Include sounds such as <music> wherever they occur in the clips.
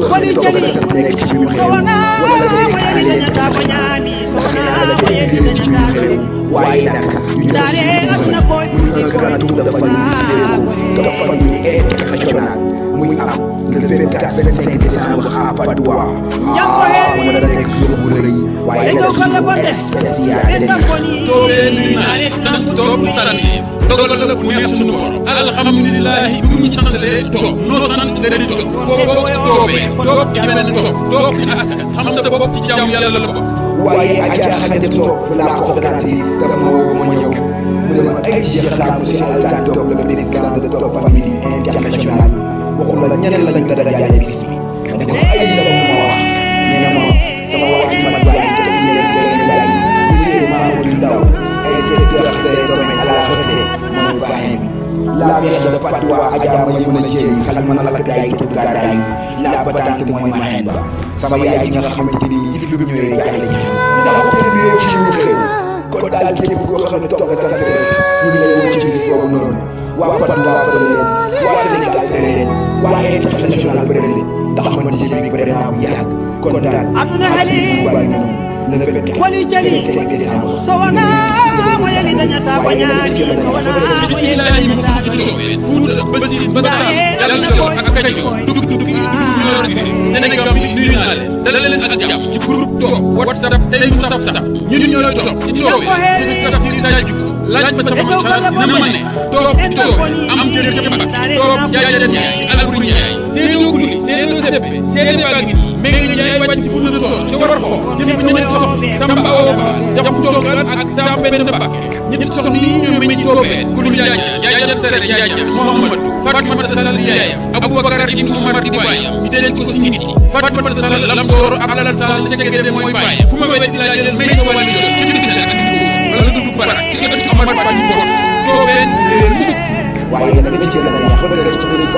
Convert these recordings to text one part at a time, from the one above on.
ko xamee toog a rafet nekk ci suñu xew wala nga nekk aada leen ndax nga ne aada leen ci suñu xew waaye nag ñu ñëw ci suñu xew programme de famille de mu ne la nekk jour bu rëy waaye la jour spécial dogal la bu neex suñu borom alhamdulilahi bu ñu santalee toog noo sant nga di toog foo toobee toog di benn toog toog di askan demal exiger xalaat monsieur Alassane Diop le président de Top Family International waxul la ñeneen lañ ko dajale bis bi ne ko ay ndaw ma wax nee na ma sama waa ji ma jaay te si leen gën a jaay monsieur Mamadou Ndaw inspecteur des domaines à la retraite mooy baaxee bi la mère de Fatou waa Adja ma yëngu na jéem xal ma na la gaay pour gàddaay la batante mooy maheen ba sama yaay ji nga xamante ni yëf bi ñëwee jaay la ñu dafa ko ci ñu xew foofu daal képp koo xam ne toog nga sant leen ñu ngi lay ci bis boobu noonu waa Patte Ndoie bëri leen waa Sénégal bëri leen waa international bëri leen ndax man yéen bi bëri naa bu yàgg kon daal waay noonu le vingt-quatre cinq décembre bismillahi musitooɓe fouta basi basar yalnor ak kaño dug dug dug yorgi sénégal bi nuyu naa leen dalal leen ak jàmm ci groupe toog whatsapp tey mu saf saf ñu di ñooy toog di toogee si sa laaj ma sama xalaat dina ma ne toog toog am jëriñ ca mbag toog jaay leen jaay di alal bu ñaay seen lu guddi seen lu seppe toog te war a xool jënd ñetti soxna yi ñoom ñu toobee kulu yaaja yaaja sere yaaja Muhammadu Fatimata Salal yaayam Aboubacar ibn Umar di baayam ñu deneen ko si nit Fatimata Salal lam door ak alal Salal ca gede mooy baayam ku ma wet di laa jël may sa wàllu jot ci biir seen ak wala nga dugg barak ci ëtt Amar Fatim Boros toobeen réer mu waaye nag li ci la yàq ba ci président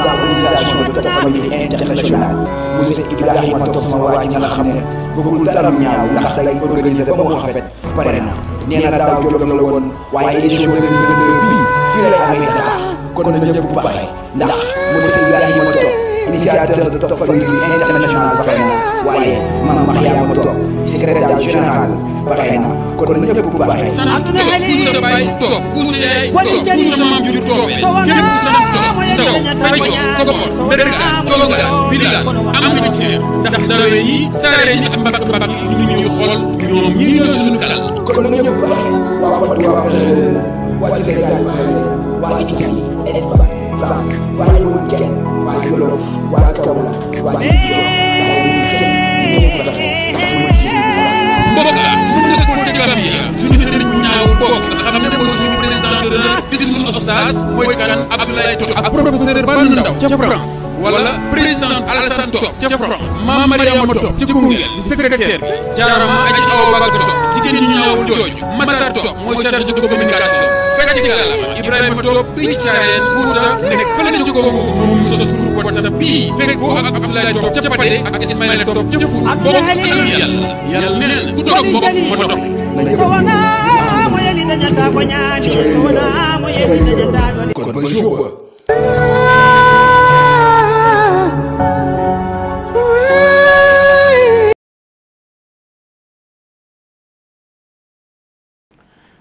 organisation de la famille internationale monsieur Ibrahima Topp xam ne bëggul dara ñaaw ndax tey organisé nee na daaw jolof la woon waaye émission 2022 bii fii lay amee Dakar kon na ñëpp bàyyi ndax monsieur Ibrahima Top initiateur de Top Family International pare na waaye Mame Mariama Top secrétaire général pare na kon na ñëpp bàyyi Top ku sa baay Top ku sa yaay Top ku sa maam ju Top képp ku sa maam Top ndaw fajo kobor dërga cooga Sénégal am bénéficiaire ndax dara yi saree ñu am mbàkk mbàkk yi ñu ñuy xool ñoom ñi ñooy suñu kalal. kon nag ñëpp baaxee waa Côte waa waa Sénégal baaxee waa Italie Espagne France waa Yowu Kenn waa Jolof waa Kaolack waa Sénégal mbokk ah mën nga ko ci Gambia suñu sëriñ bu ñaaw bokk nga xam ne mooy suñu président d'honneur di suñu ostaas mooy kan Abdoulaye Diop ak professeur Ban Ndaw ca France wala président Alassane Top ca France Mame Mariama Top ci Koungheul di secrétaire bi jaarama aji Awa Baga Top jigéen ñu ñaawul jooju Mata Top mooy chargé de communication kacci gàllama Ibrahima Top bi caayeen Fouta nekk fële ci Congo moom sos groupe WhatsApp bii fekk ko ak Abdoulaye Top ca Paté ak Ismaïla Top ca Four bokk ak yàlla yàlla nee ku toog bokk ma toog kon ba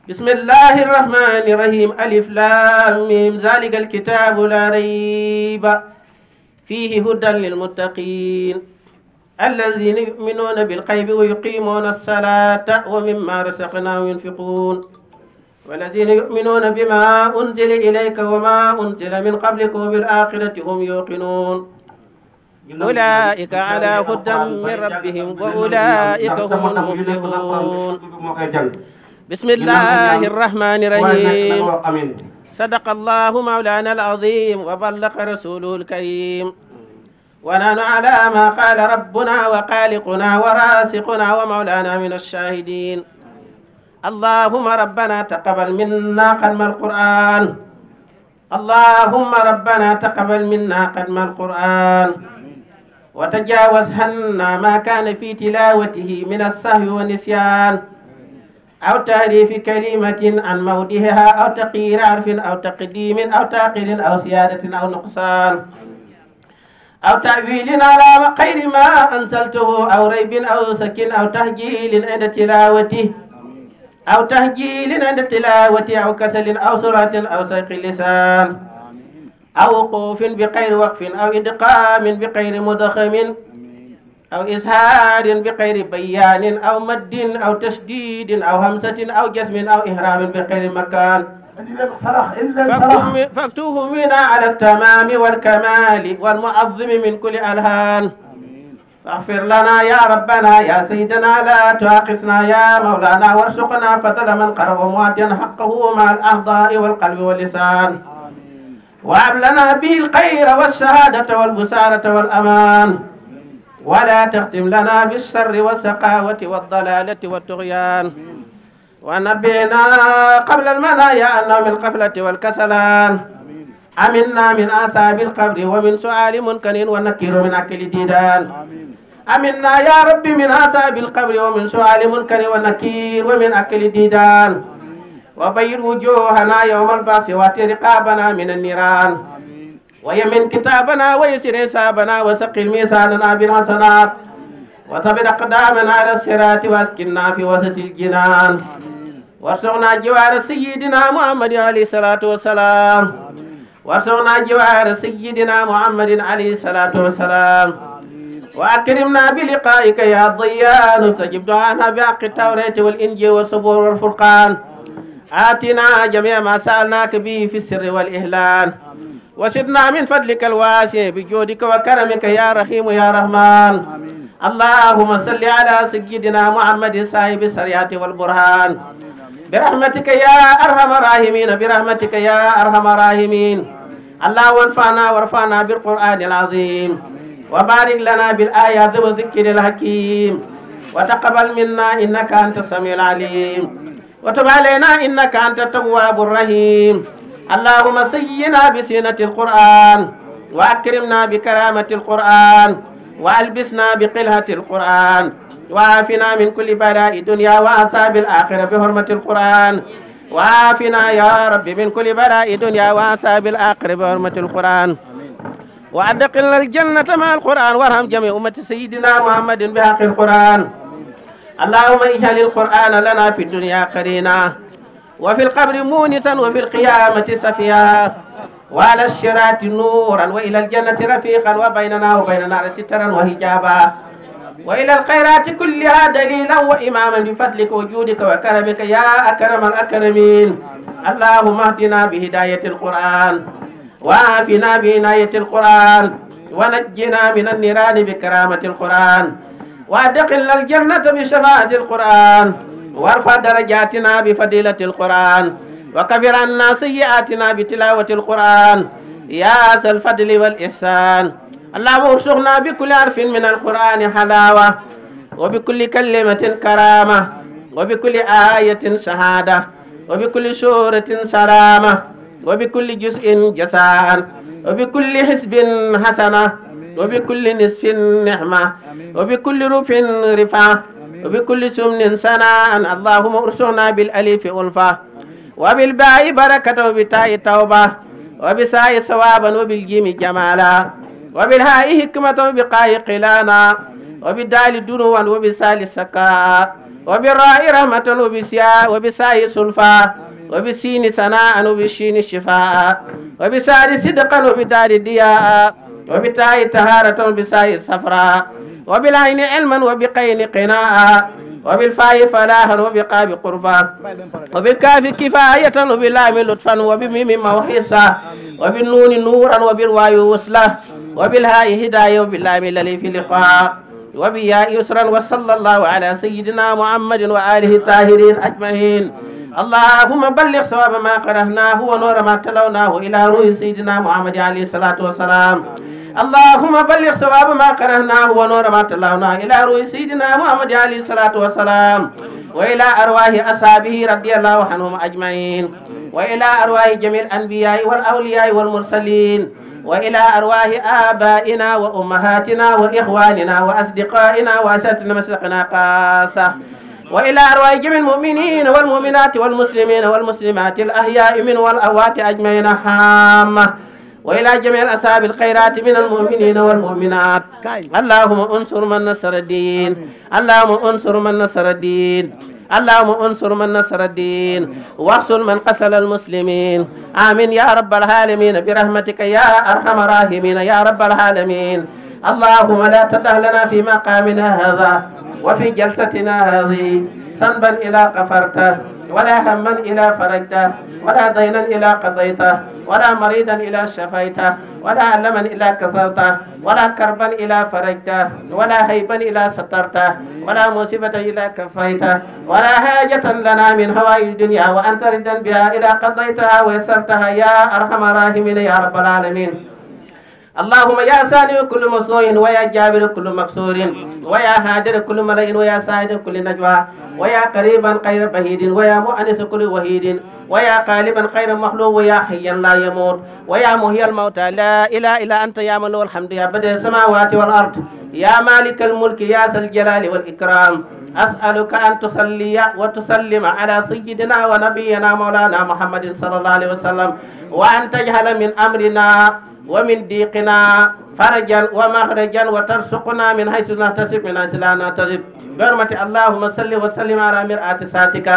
بسم الله الرحمن الرحيم ألف لام ميم ذلك الكتاب لا ريب فيه هدى للمتقين الذين يؤمنون بالغيب ويقيمون الصلاة ومما رزقناهم ينفقون والذين يؤمنون بما أنزل إليك وما أنزل من قبلك وبالآخرة هم يوقنون أولئك على هدى من ربهم وأولئك هم المفلحون bismillahi irrahmani irahim sadaqa allahu mawlana alazim wa ballaqa rasuluhu alkarim wa nahnu ala ma qala rabbuna wa khaliquna wa rasiquna wa mawlana min alshahidin allahumma rabbana taqabbal minna xatma alquran allahumma rabbana taqabbal minna xatma alquran وتجاوز عنا ما كان في تلاوته من السهو والنسيان أو تعريف كلمة عن موضعها أو تقيير عرف أو تقديم أو تعقيل أو زيادة أو نقصان أو تعبيل على غير ما أنزلته أو ريب أو سكن أو تهجيل عند تلاوته أو تهجيل عند تلاوته أو كسل أو سرعة أو سيق اللسان أو وقوف بغير وقف أو إدقام بغير مدخم أو إزهار بغير بيان أو مد أو تشديد أو همسة أو جسم أو إهرام بغير مكان فاكتوه منا على التمام والكمال والمعظم من كل ألهان فاغفر لنا يا ربنا يا سيدنا لا تعقصنا يا مولانا وارزقنا فضل من قرب معديا حقه مع الأعضاء والقلب واللسان وهب لنا به الخير والشهادة والبسارة والأمان ولا تختم لنا بالشر والسقاوة والضلالة والطغيان ونبينا قبل المنايا أن من القفلة والكسلان أمنا من آثاب القبر ومن سؤال منكر ونكير من أكل ديدان أمنا يا رب من آثاب القبر ومن سؤال منكر ونكير ومن أكل ديدان وبير وجوهنا يوم البعث واتر رقابنا من النيران ويمن كتابنا ويسر حسابنا وسقل ميزاننا بالحسنات وثبت أقدامنا على الصراط واسكننا في وسط الجنان وارزقنا جوار سيدنا محمد عليه الصلاة والسلام وارزقنا جوار سيدنا محمد عليه الصلاة والسلام وأكرمنا بلقائك يا ضيان استجب دعانا بحق التوراة والإنجيل والصبور والفرقان آتنا جميع ما سألناك به في السر والإهلان وسدنا من فضلك الواسع بجودك وكرمك يا رحيم يا رحمن آمين. اللهم صل على سيدنا محمد صاحب السريعة والبرهان آمين. برحمتك يا أرحم الراحمين برحمتك يا أرحم الراحمين اللهم انفعنا وارفعنا بالقرآن العظيم آمين. وبارك لنا بالآيات والذكر الحكيم وتقبل منا إنك أنت السميع العليم وتب علينا إنك أنت التواب الرحيم اللهم سينا بسينة القرآن وأكرمنا بكرامة القرآن وألبسنا بقلهة القرآن وعافنا من كل بلاء دنيا وعذاب الآخرة بحرمة القرآن وعافنا يا رب من كل بلاء دنيا وعذاب الآخرة بحرمة القرآن وأدخلنا الجنة مع القرآن وارحم جميع أمة سيدنا محمد بحق القرآن اللهم اجعل القرآن لنا في الدنيا قرينا وفي القبر مونسا وفي القيامة سفيا وعلى الشراط نورا وإلى الجنة رفيقا وبيننا وبين نار سترا وحجابا وإلى الخيرات كلها دليلا وإماما بفضلك وجودك وكرمك يا أكرم الأكرمين اللهم اهدنا بهداية القرآن وعافنا بعناية القرآن ونجنا من النيران بكرامة القرآن وأدخلنا الجنة بشفاعة القرآن وارفع درجاتنا بفضيلة القرآن وكفر عنا سيئاتنا بتلاوة القرآن يا ذا الفضل والإحسان اللهم ارزقنا بكل حرف من القرآن حلاوة وبكل كلمة كرامة وبكل آية شهادة وبكل سورة سرامة وبكل جزء جزاء وبكل حزب حسنة وبكل نصف نعمة وبكل رف رفعة وبكل سمن سناء اللهم ارسلنا بالالف الفا وبالباء بركة وبتاء توبة وبساء ثوابا وبالجيم جمالا وبالهاء حكمة وبقاء قلانا وبالدال دنوا وبسال سكاء وبالراء رحمة وبسياء وبساء سلفا وبسين سناء وبشين شفاء وبسار صدقا وبدار دياء وبتاء طهارة وبساء صفراء وبلا عين علما وبقين قناعا وبالفاء فلاحا وبقاب قربا وبالكاف كفاية وباللام لطفا وبميم موحصا وبالنون نورا وبالواي وصلا وبالهاء هداية وباللام لليف لقاء وبياء يسرا وصلى الله على سيدنا محمد وآله الطاهرين أجمعين اللهم بلغ ثواب ما قرأناه ونور ما تلوناه إلى روح سيدنا محمد عليه الصلاة والسلام اللهم بلغ ثواب ما قرأناه ونور ما تلوناه إلى روح سيدنا محمد عليه الصلاة والسلام وإلى أرواح أصحابه رضي الله عنهم أجمعين وإلى أرواح جميع الأنبياء والأولياء والمرسلين وإلى أرواح آبائنا وأمهاتنا وإخواننا وأصدقائنا وأساتذتنا مسلقنا قاسة وإلى أرواح جميع المؤمنين والمؤمنات والمسلمين والمسلمات الأحياء من والأوات أجمعين حامة وإلى جميع أصحاب الخيرات من المؤمنين والمؤمنات اللهم انصر من نصر الدين اللهم انصر من نصر الدين اللهم انصر من نصر الدين واحصل من قسل المسلمين آمين يا رب العالمين برحمتك يا أرحم الراحمين يا رب العالمين اللهم لا تدع لنا في مقامنا هذا وفي جلستنا هذه ذنبا إلى غفرته ولا هما إلى فرجته ولا دينا إلى قضيته ولا مريضا إلا شفيته ولا ألما إلا كفرته ولا كربا إلا فرجته ولا هيبا إلا سترته ولا مصيبة إلا كفيته ولا حاجة لنا من هوائي الدنيا وأنت ردا بها إلى قضيتها ويسرتها يا أرحم الراحمين يا رب العالمين اللهم يا سالم كل مصنوع ويا جابر كل مكسور ويا هادر كل ملئ ويا ساعد كل نجوى ويا قريبا غير بعيد ويا مؤنس كل وحيد ويا قالبا خير مخلوق ويا حيا لا يموت ويا مهي الموتى لا إله إلا أنت يا من له الحمد يا بديع السماوات والأرض يا مالك الملك يا ذا الجلال والإكرام أسألك أن تصلي وتسلم على سيدنا ونبينا مولانا محمد صلى الله عليه وسلم وأن تجهل من أمرنا ومن ضيقنا فرجا ومخرجا وترزقنا من حيث نحتسب من حيث لا نحتسب برمتي اللهم صل وسلم على مرآة ساتك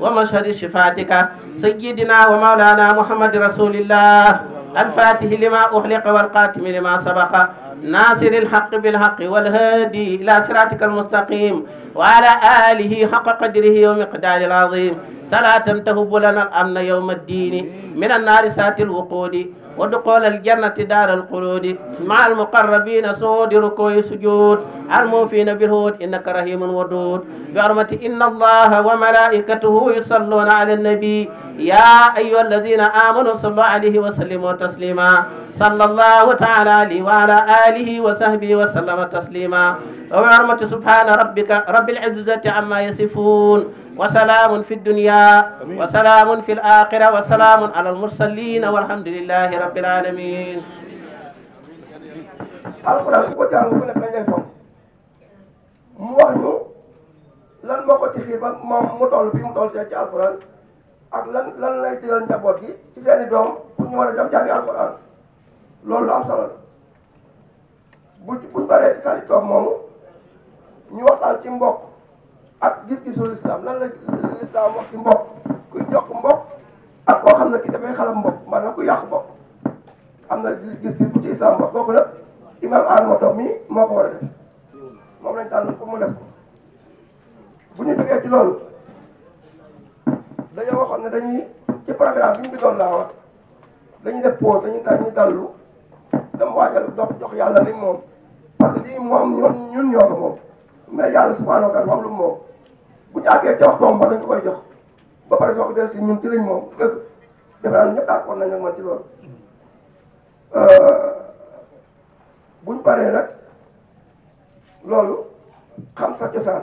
ومشهد شفاعتك سيدنا ومولانا محمد رسول الله الفاتح لما أحلق والقاتم لما سبق ناصر الحق بالحق والهادي إلى صراطك المستقيم وعلى آله حق قدره ومقدار العظيم صلاة تهب لنا الأمن يوم الدين من النار سات الوقود ودخول الجنة دار الخلود مع المقربين صود ركوع سجود الموفين بالهود إنك رحيم ودود بحرمة إن الله وملائكته يصلون على النبي يا أيها الذين آمنوا صلوا عليه وسلموا تسليما صلى الله تعالى عليه وعلى آله وصحبه وسلم تسليما wa bi hormati subhana rabbika rabbil izzati amma yasifun wa salaamun fi dunya wa salaamun fi l-aaxira wa salaamun ala al-mursalin walhamdulillahi rabbil alamin alquran ku ko jàng ku nekk lay foog mu wax ñu lan moo ko ci xiir ba moom mu toll fii mu toll ci alquran ak lan lan lay digal njaboot gi ci seeni doom pour ñu war a dem jàngi alquran loolu lu am solo la bu bu ñu baree ci sali toog moomu ñu waxtaan ci mbokk ak gis-gisu lislaam lan la lislaam wax ci mbokk kuy jox mbokk ak koo xam ne ki dafay xalam mbok maanaam ku yàq mbokk am na gis-gis bu ci islam mbokk kooku la imam Adama Ndao mii moo ko war a def moom lañ tànn pour mu def ko bu ñu duggee ci loolu dañoo waxoon ne dañuy ci programme bi ñu doon laa wax dañuy def pause dañuy dañuy dallu dama waajal dox jox yàlla li moom parce que lii moom ñun ñun ñoo ko moom. mais yàlla subhaanahu wa taala moom lu moom bu ñu àggee ca waxtoom ba dañ ko koy jox ba pare soo ko del si ñun ci lañ moom dëgg defe naa ñëpp d'accord nañ ak man ci loolu euh, bu ñu paree nag loolu xam sa cosaan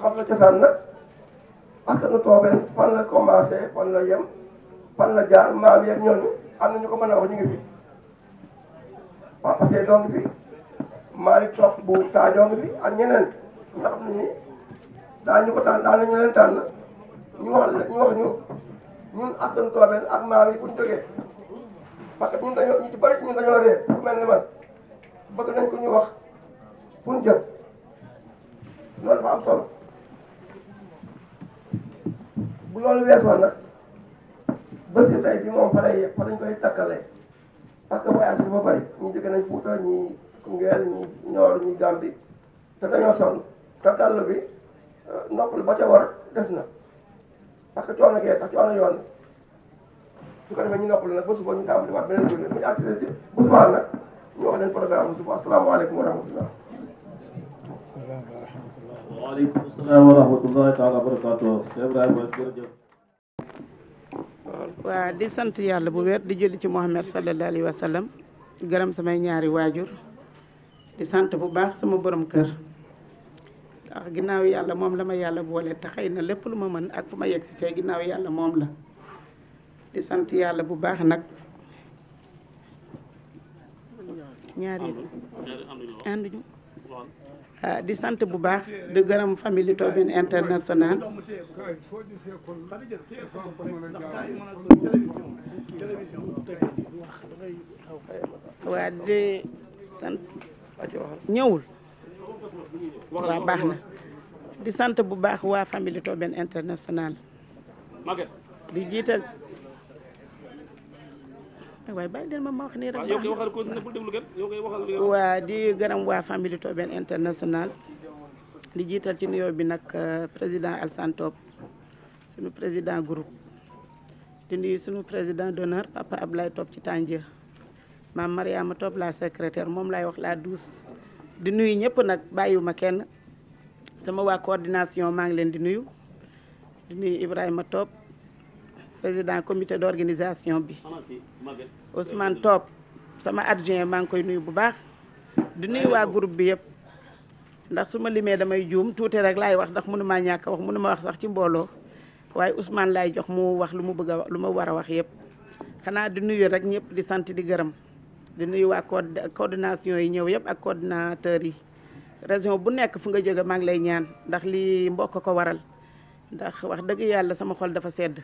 xam sa cosaan nag parce que nu toobeen fan la commencé fan la yem fan la jaar am na ñu ko mën a wax ñu ngi fi waaw parce Malick Top bu Sadio ngi fi ak ñeneen nga xam ne daañu ko tànn daan nañu leen tànn ñu wax ñu wax ñu ñun askan toobeen ak maam yi bu ñu dañoo ñu dañoo réer ku mel ni man bëgg nañ ko ñu wax fu ñu jëm loolu dafa am solo bu loolu weesoo nag bés yi tey bi moom fa lay fa koy takkalee parce que voyage bi dafa bëri ñu jóge nañ Fuuta ñi Koungheul ñi Nioro ñi Gambie te dañoo sonn te dàll bi euh, noppalu ba ca des na parce que coono gee tax coono yoon su ko defee ñu noppalu nag ba suba ñu tàmbali waat beneen journée muy activité bu subaa nag ñu wax bu suba asalaamaaleykum wa rahmatullah waaleykum salaam wa rahmatullahi taala wa di sant yàlla bu wér di julli ci Muhammad sallallahu alayhi wa sallam gërëm samay ñaari waajur di sant bu baax sama borom kër ndax ginnaaw yàlla moom la ma yàlla boole te xay na lépp lu ma mën ak fu ma yegg si tey ginnaaw yàlla moom la di sant yàlla bu baax nag ñaari ànduñu ah, di sant bu baax di gërëm famille Tobin international waa di sant ñëwul waaw baax na di sant bu baax waa famille Tobène international di jiital waaye bàyyi leen ma ma wax nii rek waa di gërëm waa di jiital ci nuyoo bi nag euh, président Alassane Top suñu président groupe di nuyu suñu président d'honneur papa Ablaye Top ci Tandier maam Mariama Top la secrétaire moom laay wax laa douce di nuyu ñëpp nag ma kenn sama waa coordination maa ngi leen di nuyu di nuyu Ibrahima Top président comité d'organisation bi Ousmane Top sama adjoint maa ngi koy nuyu bu baax di nuyu waa groupe bi yëpp ndax su ma limee damay juum tuuti rek laay wax ndax mënumaa ñàkk wax ma wax sax ci mbooloo waaye Ousmane laay jox mu wax lu mu bëgg a lu ma war a wax yëpp xanaa di nuyu rek ñëpp di sant di gërëm di nuyu waa coordination yi ñëw yëpp ak coordinateur yi région bu nekk fu nga jóge maa ngi lay ñaan ndax lii mbokk ko waral ndax wax dëgg yàlla sama xol dafa sedd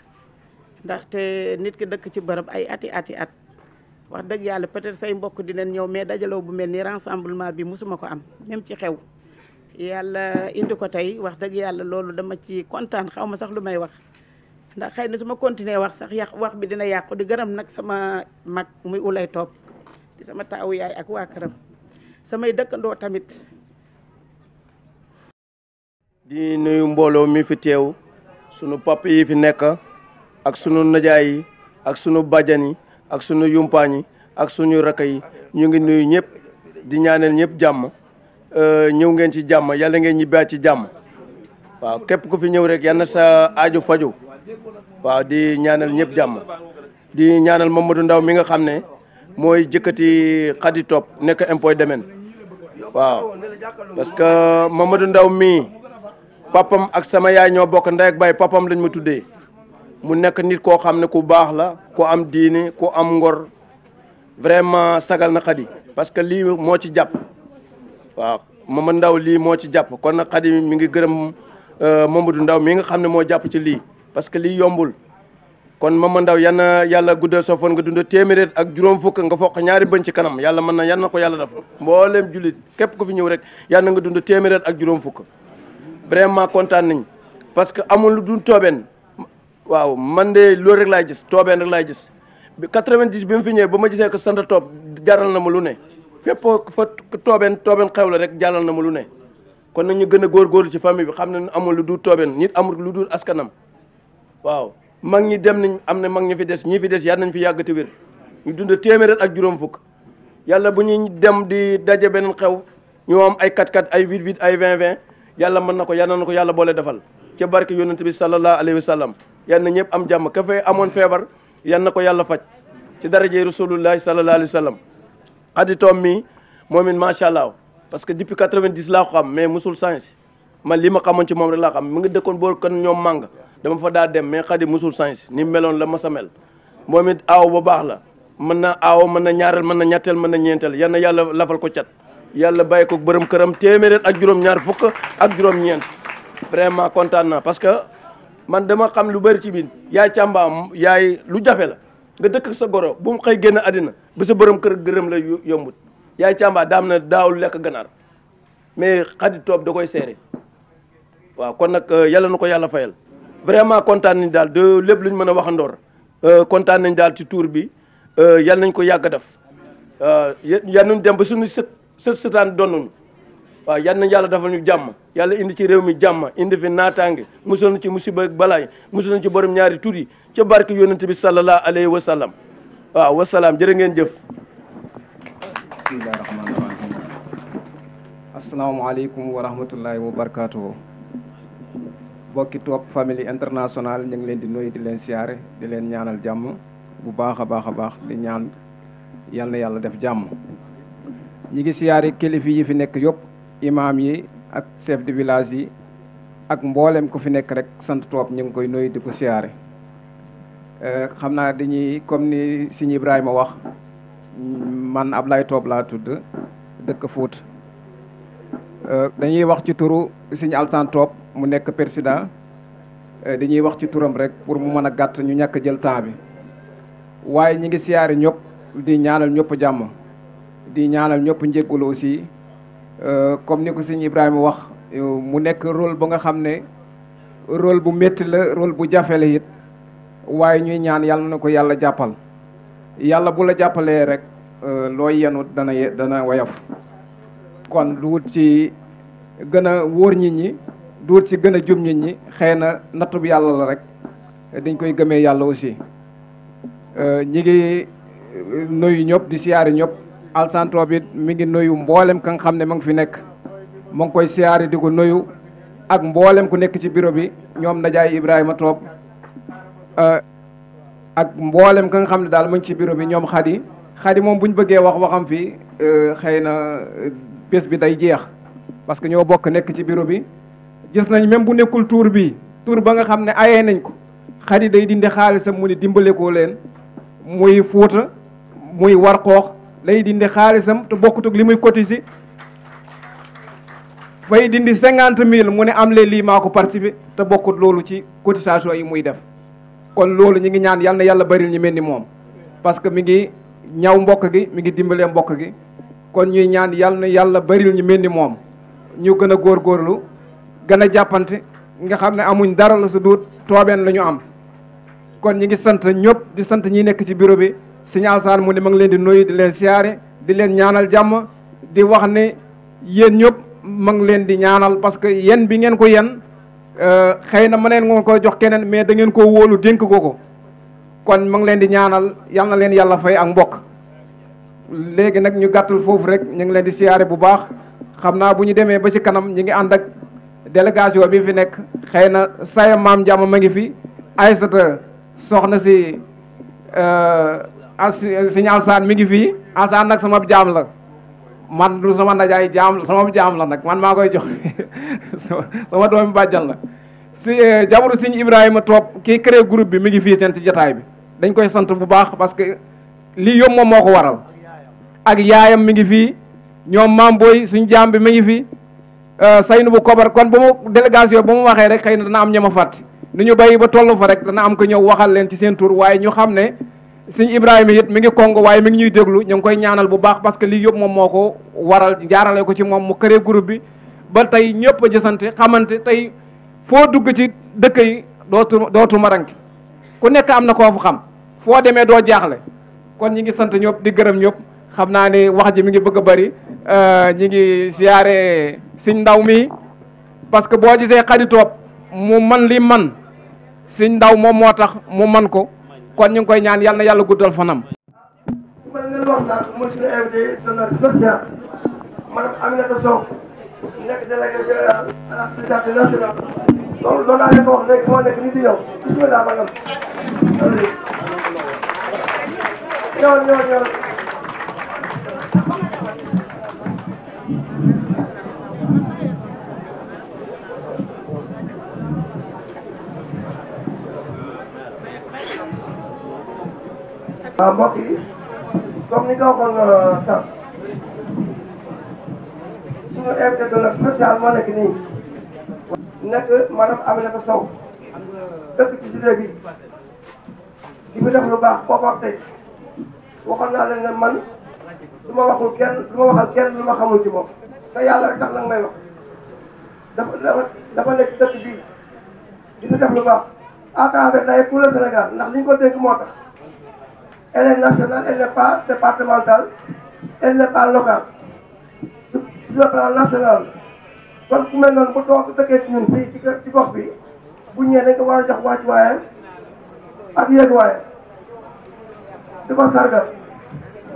ndaxte nit ki dëkk ci bërëb ay ati ati at wax dëgg yàlla peut-être say mbokk dinañ ñëw mais dajaloo bu mel ni rassemblement bi mosuma ko am même ci xew yàlla indi ko tey wax dëgg yàlla loolu dama ci kontaan xaw ma sax lu may wax ndax xëy na su ma continuer wax sax yàq wax bi dina yàqu di gërëm nag sama mag muy ulay topp sama taawu yaay ak waa këram samay dëkkandoo tamit. di nuyu mbooloo mi fi teew sunu papa yi fi nekk ak sunu najaay ak sunu bàjjan ak sunu yumpaañ ak sunu rakk yi ñu ngi nuyu ñëpp di ñaanal ñëpp jàmm ñëw ngeen ci jàmm yalla ngeen ñibbaat ci jàmm waaw képp ku fi ñëw rek yal sa aaju faju waaw di ñaanal ñëpp jàmm di ñaanal Mamadou Ndaw mi nga xam ne. mooy jëkkati xadi top nekk impôt demen waaw parce que mamadu Ndaw mii papam ak sama yaay ñoo bokk ndey ak baay papam lañ ma tuddee mu nekk nit koo xam ne ku baax la ko am diine ko am ngor vraiment sagal na xadi parce que lii moo ci jàpp waaw Mamadou Ndaw lii moo ci jàpp kon nag xadi mi ngi gërëm euh, Mamadou Ndaw mii nga xam ne moo jàpp ci lii parce que lii yombul kon Mama Ndaw yal na yàlla guddal soo foon nga dund téeméer ak juróom fukk nga foq ñaari bëñ ci kanam yàlla mën na yal na ko yàlla def mbooleem jullit képp ku fi ñëw rek yal nga dund téeméer ak juróom fukk vraiment kontaan nañ parce que amul lu dul toobeen waaw man de loolu rek laay gis toobeen rek laay gis bi 90 bi mu fi ñëwee ba ma gisee ko santa toob jaral na ma lu ne fépp fa toobeen toobeen xew la rek jaral na ma lu ne kon nañu gën a góorgóorlu ci famille bi xam ne amul lu dul toobeen amul lu dul askanam waaw mag ñi dem nañ am ne mag ñi fi des ñi fi des yàlla nañ fi yàgg te wér ñu dund téeméer ak juróom fukk yàlla bu ñuy dem di daje beneen xew ñu am ay 4 4 ay 8 8 ay 20 vin yàlla mën na ko yàlla na ko yàlla boole defal ca barke yonent bi sallallahu alayhi wa sallam yal na ñëpp am jàmm ka fay amoon feebar yan na ko yàlla faj ci daraje rasulullahi sallallahu alayhi wa sallam addi toom mi moom it macha allah parce que depuis 90 laa ko xam mais musul change man li ma xamoon ci moom rek laa xam mu ngi dëkkoon boor kan ñoom màng dama fa daa dem mais xadi musul change ni meloon la masa mel moom it aaw ba baax la mën na aaw mën na ñaareel mën na ñetteel mën na ñeenteel yal na yàlla lafal ko cat yàlla bàyyi ko bërëm këram téeméer ak juróom-ñaar fukk ak juróom-ñeent vraiment kontaan naa parce que man dama xam lu bëri ci biir yaay càmbaam yaay lu jafe la nga dëkk sa goro bu mu xëy génn àddina ba sa bërëm kër gërëm la yombut yaay càmbaa daam na daawul lekk ganaar mais xadi toog da koy seere waaw kon nag euh, yàlla na ko yàlla fayal vraiment kontaan nañ daal de lépp lu mën a waxandoor euh, kontaan nañ daal ci tour bi euh, yal nañ ko yàgg a def euh, yal nañ dem ba suñu sët sët sëtaan donnuñu waaw yal nañ yàlla defal ñu jàmm yàlla indi ci réew mi jàmm indi fi naataange ci musiba ak balaay musul nañ ci borom ñaari tur yi ca barke yonent bi sallallahu alayhi wa sallam waaw wasalaam jërë ngeen jëf bismillahi rahmaani rahim asalaamaaleykum wa rahmatullahi bokki Top Family International ñu ngi leen di nuyu di leen siyaare di leen ñaanal jàmm bu baax a baax a baax di ñaan yal yàlla def jàmm ñi ngi siyaare kilifa yi fi nekk yëpp imaam yi ak chef de village yi ak mbooleem ku fi nekk rek sant Top ñu ngi koy nuyu di ko siyaare euh, xam naa dañuy comme ni Sëñ Ibrahima wax man lay Top laa tudd dëkk Fuuta Euh, dañuy wax ci turu Sëñ Alassane Top mu nekk président euh, dañuy wax ci turam rek pour mu mën a gàtt ñu ñàkk jël temps bi waaye ñi ngi siyaari ñëpp di ñaanal ñëpp jàmm di ñaanal ñëpp njéggulu aussi euh, comme ni ko sëñ Ibrahima wax mu nekk rôle bu nga xam ne rôle bu métti la rôle bu jafeele la it waaye ñuy ñaan yàlla na ko yàlla jàppal yàlla bu la jàppalee rek looy yenu dana dana woyof kon duut ci gën a wóor nit ñi duut ci gën a jub nit ñi xëy na nattu bu yàlla la rek dañ koy gëmee yàlla aussi euh, ñi ngi euh, nuyu ñëpp di siyaari ñëpp alsanto bi mi ngi nuyu mboolem ka xam ne ma ngi fi nekk ma ngi koy siyaari di ko nuyu ak mboolem ku nekk ci bureau bi ñoom Najaay Ibrahima Toob euh, ak mboolem ka nga xam ne daal mu ngi ci bureau bi ñoom Xadi Xadi moom bu ñu bëggee wax waxam fii xëy na bés bi day jeex parce que ñoo bokk nekk ci bureau bi gis nañ même bu nekkul tuur bi tuur ba nga xam ne ayee nañ ko xadi day dindi xaalisam mu ne dimbalee ko leen muy fuuta muy war xoox lay dindi xaalisam te bokkutug li muy cotiser fay dindi cinquante mille mu ne am lee lii maa ko participer te bokkut loolu ci cotisation yi muy def kon loolu ñu ngi ñaan yal na yàlla bari ñu mel ni moom parce que mi ngi ñaw mbokk gi mi ngi dimbalee mbokk gi kon ñuy ñaan yal na yàlla baril ñu mel ni moom ñu gën a góor góorlu gën a jàppante nga xam ne amuñ dara la su duut toobeen la ñu am kon ñi ngi sant ñëpp di sant ñi nekk ci bureau bi Sëñ Alsaan mu ne ma ngi leen di nuyu di leen siyaare di leen ñaanal jàmm di wax ne yéen ñëpp mag leen di ñaanal parce que yen bi ngeen ko yen euh, xëy na mëneen ngeen ko jox keneen mais da ngeen ko wóolu dénk ko ko kon mag leen di ñaanal yal na leen yàlla fay ak mbokk léegi nag ñu gàttal foofu rek ñu ngi leen di siyaare bu baax xam naa bu ñu demee ba ci kanam ñu ngi ànd ak délégation bi fi nekk xëy na saya maam Jaama ma ngi fi Aysata soxna si euh, euh, sëñ Alsaan mi ngi fii Alsaan nag sama jaam la man du sama najaay jaam sama jaam la nag man maa koy jox <laughs> sama doomi bàjjan la si euh, jabaru sëñ Ibrahima Toop kii créé groupe bi mi ngi fii seen si jataay bi dañ koy sant bu baax parce que lii yomb moom moo ko waral ak yaayam mi ngi fii ñoom maam booy suñ jaam bi mi ngi fii fi euh, saynu bu kobar kon ba mu délégation ba mu waxee rek xëy na dana am ña ma fàtt nu ñu bay ba toll fa rek dana am ko ñëw waxal leen ci seen tur waaye ñu xam ne suñ Ibrahima it mi ngi Congo waaye mi ngi ñuy déglu ñu ngi koy ñaanal bu baax parce que lii yëpp moom moo ko waral jaarale ko ci moom mu créé groupe bi ba tey ñëpp a jësante xamante tey foo dugg ci dëkk yi dootu dootu maranki ku nekk am na koo fu xam foo demee doo jaaxle kon ñi ngi sant ñëpp di gërëm ñëpp. xam naa ni wax ji mi ngi bëgg a bari euh, ñi ngi siyaare siñ ndaw mi parce que boo gisee xadi toob mu man li man siñ ndaw moom moo tax mu man ko kon ñu ngi koy ñaan yal na yàlla guddal fanam. ko wax Ah, mbokk yi comme ni ko waxoon euh, sànq suñu invité de la spécial moo nekk nii nekk maanaam Aminata Sow dëkk ci cité bi di mu def lu baax kooku wax tey waxoon naa leen ne man du ma waxul kenn du ma waxal kenn lu ma xamul ci moom te yàlla rek tax nag may wax dafa dafa dafa nekk dëkk bii dina def lu baax à travers Sénégal ndax li ñu ko dénk moo tax elle est nationale elle n'est pas départementale elle national kon ku mel noonu bu toog dëkkee ci ñun fii ci ci gox bi bu ñëwee dañ ko war a jox wàccuwaayam ak yéeguwaayam ko sargal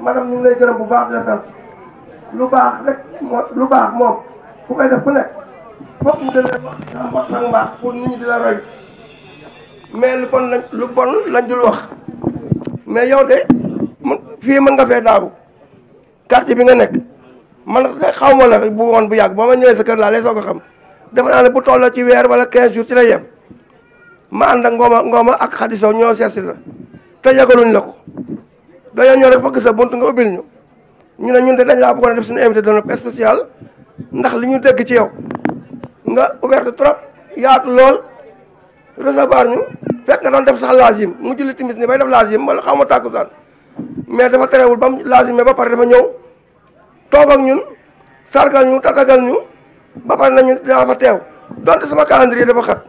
maanaam ñu ngi lay gërëm bu baax di la sant lu baax rek moom ku koy def ku nekk foog nit ñi di la roy mais lu bon lañ lu bon lañ dul wax mais yow de fii man nga fee daagu quartier bi nga nekk man xaw ma la bu woon bu yàgg boo ma ñëwee sa kër laa lay soog a xam defe naa ne bu toll ci weer wala 15 jours ci la yem ma ànd ak ngooma ngooma ak xadiso ñoo seet si la te yagaluñ la ko dañoo ñëw rek fëgg sa bunt nga ubbil ñu ñu ne ñun de dañ laa bëggoon a def suñu invité d'honneur spécial ndax li ñu dégg ci yow nga ouverte trop yaatu lool recevoir ñu fekk nga doon def sax laazim mu julli timis ni bay def laazim wala xaw ma tàkkusaan mais dafa terewul ba mu laazim mais ba pare dafa ñëw toog ak ñun sargal ñu tatagal ñu ba pare nañu dinaa fa teew donte sama calendrier dafa xat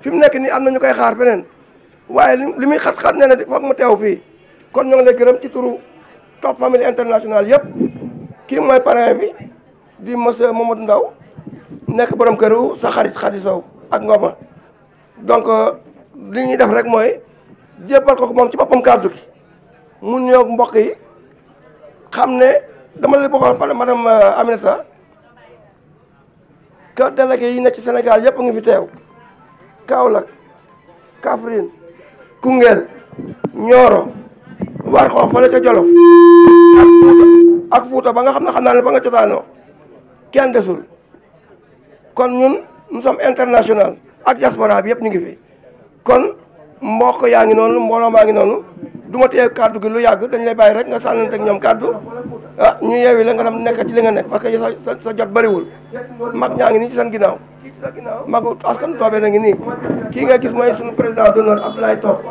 fi mu nekk nii am na ñu koy xaar feneen waaye li li muy xat-xat na foog mu teew fii kon ñoo ngi lay gërëm ci turu top famille international yëpp kii mooy parrain bi di monsieur Mamadou Ndaw nekk borom këru sa xarit Khady Sow ak Ngoma donc euh, li ñuy def rek mooy jébbal ko moom ci boppam kàddu gi mu ñëw mboq yi xam ne dama la bokkoon par madame euh, Aminata que délégué yi nekk ci senegal yëpp a ngi fi teew Kaolack Kaffrine Koungheul ñooro war ko fële ca Jolof ak Fuuta ba nga xam ne xam naa ne ba nga cosaanoo kenn desul kon ñun nous sommes international ak diaspora bi yëpp ñu ngi fi kon mbokk yaa ngi noonu mbooloo maa ngi noonu du ma téye kàddu gi lu yàgg dañ lay bàyyi rek nga sànnante ak ñoom kàddu ah ñu yeewi la nga dem nekk ci li nga nekk parce que sa sa jot bëriwul mag ñaa ngi nii ci seen ginnaaw magu askan toobee na ngi nii kii nga gis mooy suñu président d'honneur Abdoulaye Top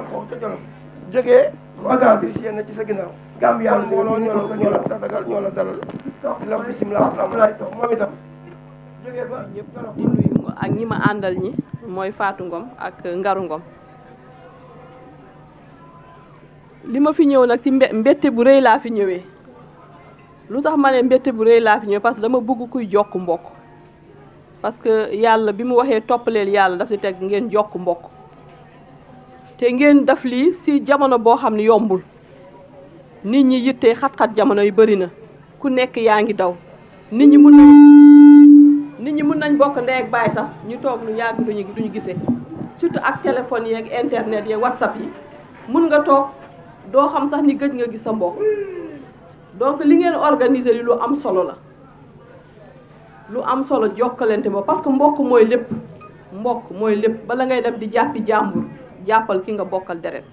jógee vacances bi si ci sa ginnaaw gàmm yàlla ñoo sa ñoo la ñoo la ak ñi ma àndal ñi mooy faatu ngoom ak Ngaru ngoom li ma fi ñëw nag ci mbette bu rëy laa fi ñëwee lu tax ma ne mbette bu rëy laa fi ñëwee parce que dama bëgg kuy jokk mbokk parce que yàlla bi mu waxee topp leen yàlla daf di teg ngeen jokk mbokk te ngeen daf lii si jamono boo xam ne yombul nit ñi yitte xat-xat jamono yu bëri na ku nekk yaa ngi daw nit ñi mun nañ nit ñi mun nañ bokk ndey ak baay sax ñu toog lu yàgg duñu duñu gisee surtout ak téléphone yeeg internet yeeg whatsapp yi mun nga toog doo xam sax ni gëj nga gis sa mbokk donc li ngeen organiser li lu am solo la lu am solo jokkalante ba parce que mbokk mooy lépp mbokk mooy lépp bala ngay dem di jàppi jàmbur jàppal ki nga bokkal deret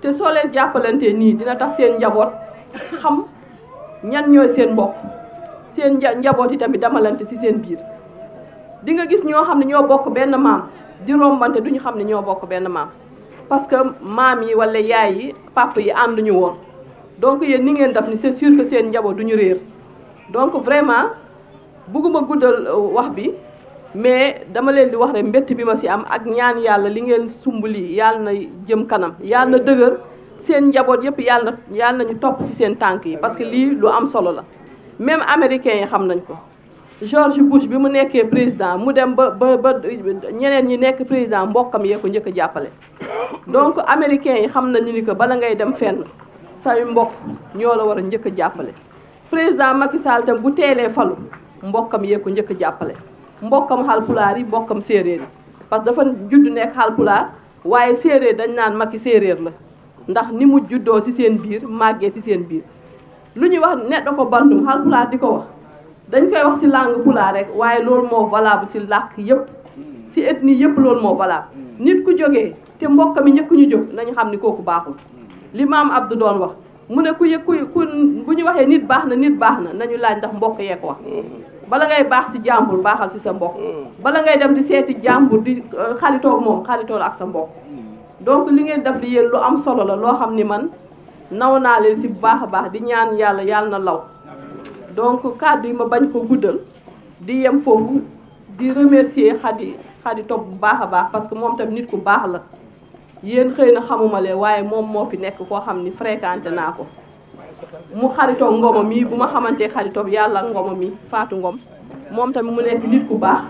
te soo leen jàppalantee nii dina tax seen njaboot xam ñan ñooy seen mbokk seen njaboot yi tamit damalante si seen biir di nga gis ñoo xam ne ñoo bokk benn maam di rombante ñu xam ne ñoo bokk benn maam parce que maam yi walla yaay yi papa yi ànduñu woon donc yéen ni ngeen def ni c'est su que seen njaboot ñu réer donc vraiment bëgguma guddal euh, wax bi mais dama leen di wax rek mbett bi ma si am ak ñaan yàlla li ngeen sumbali yàlla na jëm kanam yàlla na dëgër seen njaboot yëpp yàlla na yàlla nañu topp si seen tànk yi parce que lii lu am solo la même américains yi xam nañ ko George Bush bi mu nekkee président mu dem ba ba ba ñeneen ñi nekk président mbokkam yee ko njëkk a jàppale donc américains yi xam nañu ni que bala ngay dem fenn say mbokk ñoo la war a njëkk a jàppale président Macky Sall tam bu teelee falu mbokkam yee ko njëkk a jàppale mbokkam xalpulaar yi mbokkam séeréer yi parce que dafa judd nekk xalpulaar waaye séeréer dañ naan Macky séeréer la ndax ni mu juddoo ci seen biir màggee ci seen biir lu ñuy wax ne da ko bandum xalpulaar di ko wax dañ koy wax ci làng pulaar rek waaye loolu moo valable ci làkk yëpp ci ethnie yëpp loolu moo valable nit ku jógee te mbokk mi njëkk ñu jóg nañu xam ni kooku baaxul li maam Abdou doon wax mu ne ku yë ku ku bu ñu waxee nit baax na nit baax na nañu laaj ndax mbokk yee ko wax bala ngay baax si jàmbur baaxal si sa mbokk mm. bala ngay dem di seeti jàmbur di euh, xaritoog moom la ak sa mbokk mm. donc li ngeen def li yéen lu am solo la loo xam ni man naw naa leen si bu baax a baax di ñaan yàlla yàlla na law donc kàddu yi ma bañ ko guddal di yem foofu di remercier Khady Khady Top bu baax a baax parce que moom tam nit ku baax la yéen xëy na xamuma leen waaye moom moo fi nekk koo xam ni fréquenté naa ko mu xaritoo ngoma mi bu ma xamante xaritoo yàlla ngoma mi faatu ngom moom tamit mu nekk nit ku baax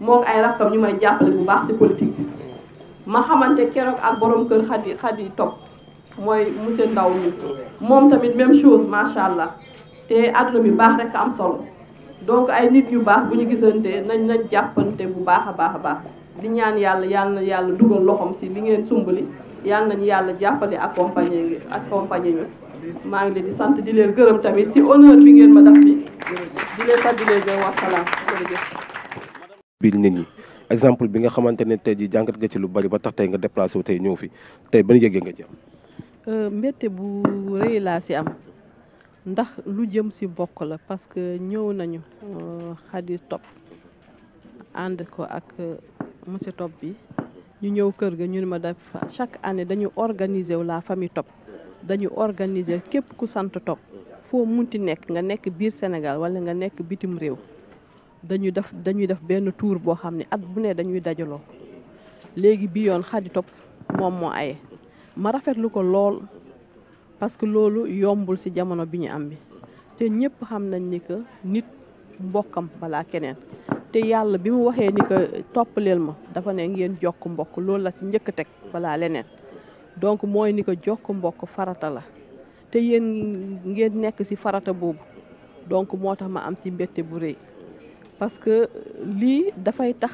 moom ay rakkam ñu may jàppale bu baax ci politique bi ma xamante keroog ak boroom kër xadi xadi topp mooy monsieur ndaw mi moom tamit même chose macha allah te àdduna bi baax rekk am solo donc ay nit yu baax bu ñu gisante nañ nañ jàppante bu baax a baax a baax di ñaan yàlla yàlla na yàlla dugal loxoom si li ngeen sumbali yàlla nañu yàlla jàppale accompagner accompagner ñu maa ngi tamit si nit ñi exemple bi nga xamante ne tey ji jàngat nga ci lu bari ba tax tey nga déplacé wu tey ñëw fi tey ban yëgee nga ci am euh, mbette bu rëy laa si am ndax lu jëm si bokk la parce que ñëw nañu euh, xadi topp ànd ko ak euh, monsieur topp bi ñu ñëw kër ga ñu ne ma def chaque année dañu organiser wu la famille topp dañu organiser képp ku sant topp foo munti nekk nga nekk biir Sénégal wala nga nekk bitim réew dañu def dañuy def benn tour boo xam ne at bu ne dañuy dajaloo léegi bi yoon xadi topp moom moo aye ma rafetlu ko lool parce que loolu yombul si jamono bi ñu am bi te ñëpp xam nañ ni que nit mbokkam balaa keneen te yàlla bi mu waxee ni que toppaleel ma dafa ne ngeen jokk mbokk loolu la si njëkk teg balaa leneen donc mooy ni ko jokk mbokk farata la te yéen ngeen nekk ci farata boobu donc moo tax ma am si mbette bu rëy parce que lii dafay tax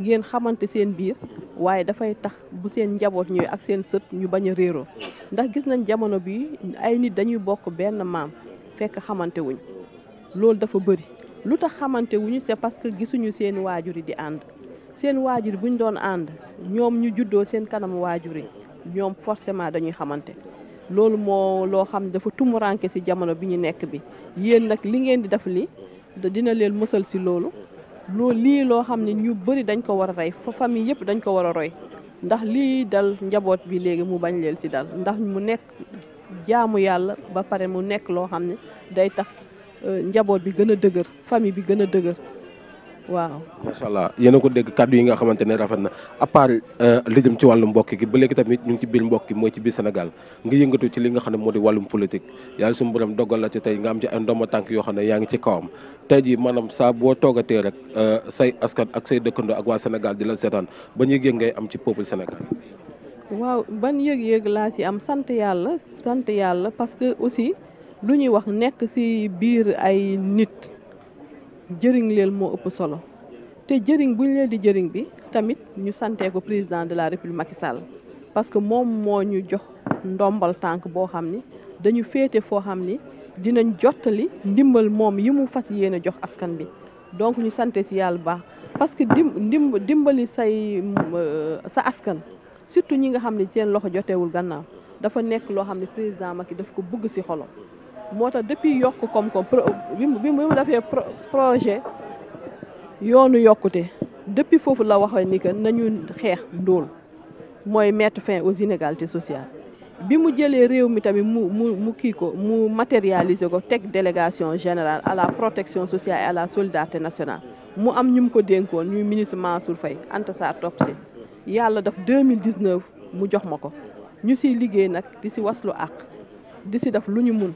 ngeen xamante seen biir waaye dafay tax bu seen njaboot ñëwee ak seen sët ñu bañ a réeroo ndax gis nañ jamono bi ay nit dañuy bokk benn maam fekk xamante wuñ loolu dafa bëri lu tax xamante wuñu c'est parce que gisuñu seen waajur yi di ànd seen waajur ñu doon ànd ñoom ñu juddoo seen kanam waajur yi ñoom forcément dañuy xamante loolu moo loo xam dafa tumuranke si jamono bi ñu nekk bi yéen nag li ngeen di def li dina leen mësal si loolu loolu lii loo xam ne ñu bëri dañ ko war a rey fa famille yëpp dañ ko war a roy ndax lii dal njaboot bi léegi mu bañ leen si dal ndax mu nekk jaamu yàlla ba pare mu nekk loo xam ne day tax euh, njaboot bi gën a dëgër famille bi gën a dëgër waaw macha allah yéen ko dégg kàddu yi nga xamante ne rafet na à part euh, li jëm ci wàllu mbokki gi ba léegi tamit ñu ngi ci biir mbokk gi mooy ci biir Sénégal nga yëngatu ci li nga xam ne moo di wàllum politique yàlla suñu borom dogal la ci tey nga am ci ay ndomba tànk yoo xam ne yaa ngi ci kawam tey jii maanaam saa boo toogatee rek euh, say askan ak say dëkkandoo ak waa Sénégal di la seetaan ba ñu yëg ngay am ci peuple Sénégal waaw ban yëg-yëg laa ci am sant yàlla sant yàlla parce que aussi lu ñuy wax nekk ci biir ay nit jëriñ leen moo ëpp solo te jëriñ bu leen di jëriñ bi tamit ñu santee ko président de la république Macky Sall parce que moom moo ñu jox ndombal tànk boo xam ni dañu féete foo xam ni dinañ jottali ndimbal moom yi mu fas yéene jox askan bi donc ñu sante si yàlla baax parce que dim dimbali say euh, sa askan surtout ñi nga xam ne seen loxo jotewul gannaaw dafa nekk loo xam ne président Macky daf ko bugg si xolom moo tax depuis yokk koom-koom bi bi mu defee projet yoonu yokkute depuis foofu la waxoon ni que nañu xeex ndóol mooy mettre fin au inégalités sociales bi mu jëlee réew mi tamit mu mu mu kii ko mu matérialiser ko teg délégation général à la protection sociale à la solidarité nationale mu am ñu mu ko dénkoon ñuy ministre Mansour Faye Anta Sarr topp si yàlla daf 2019 mu jox ma ko ñu siy liggéey nag di si was lu àq di si def lu ñu mun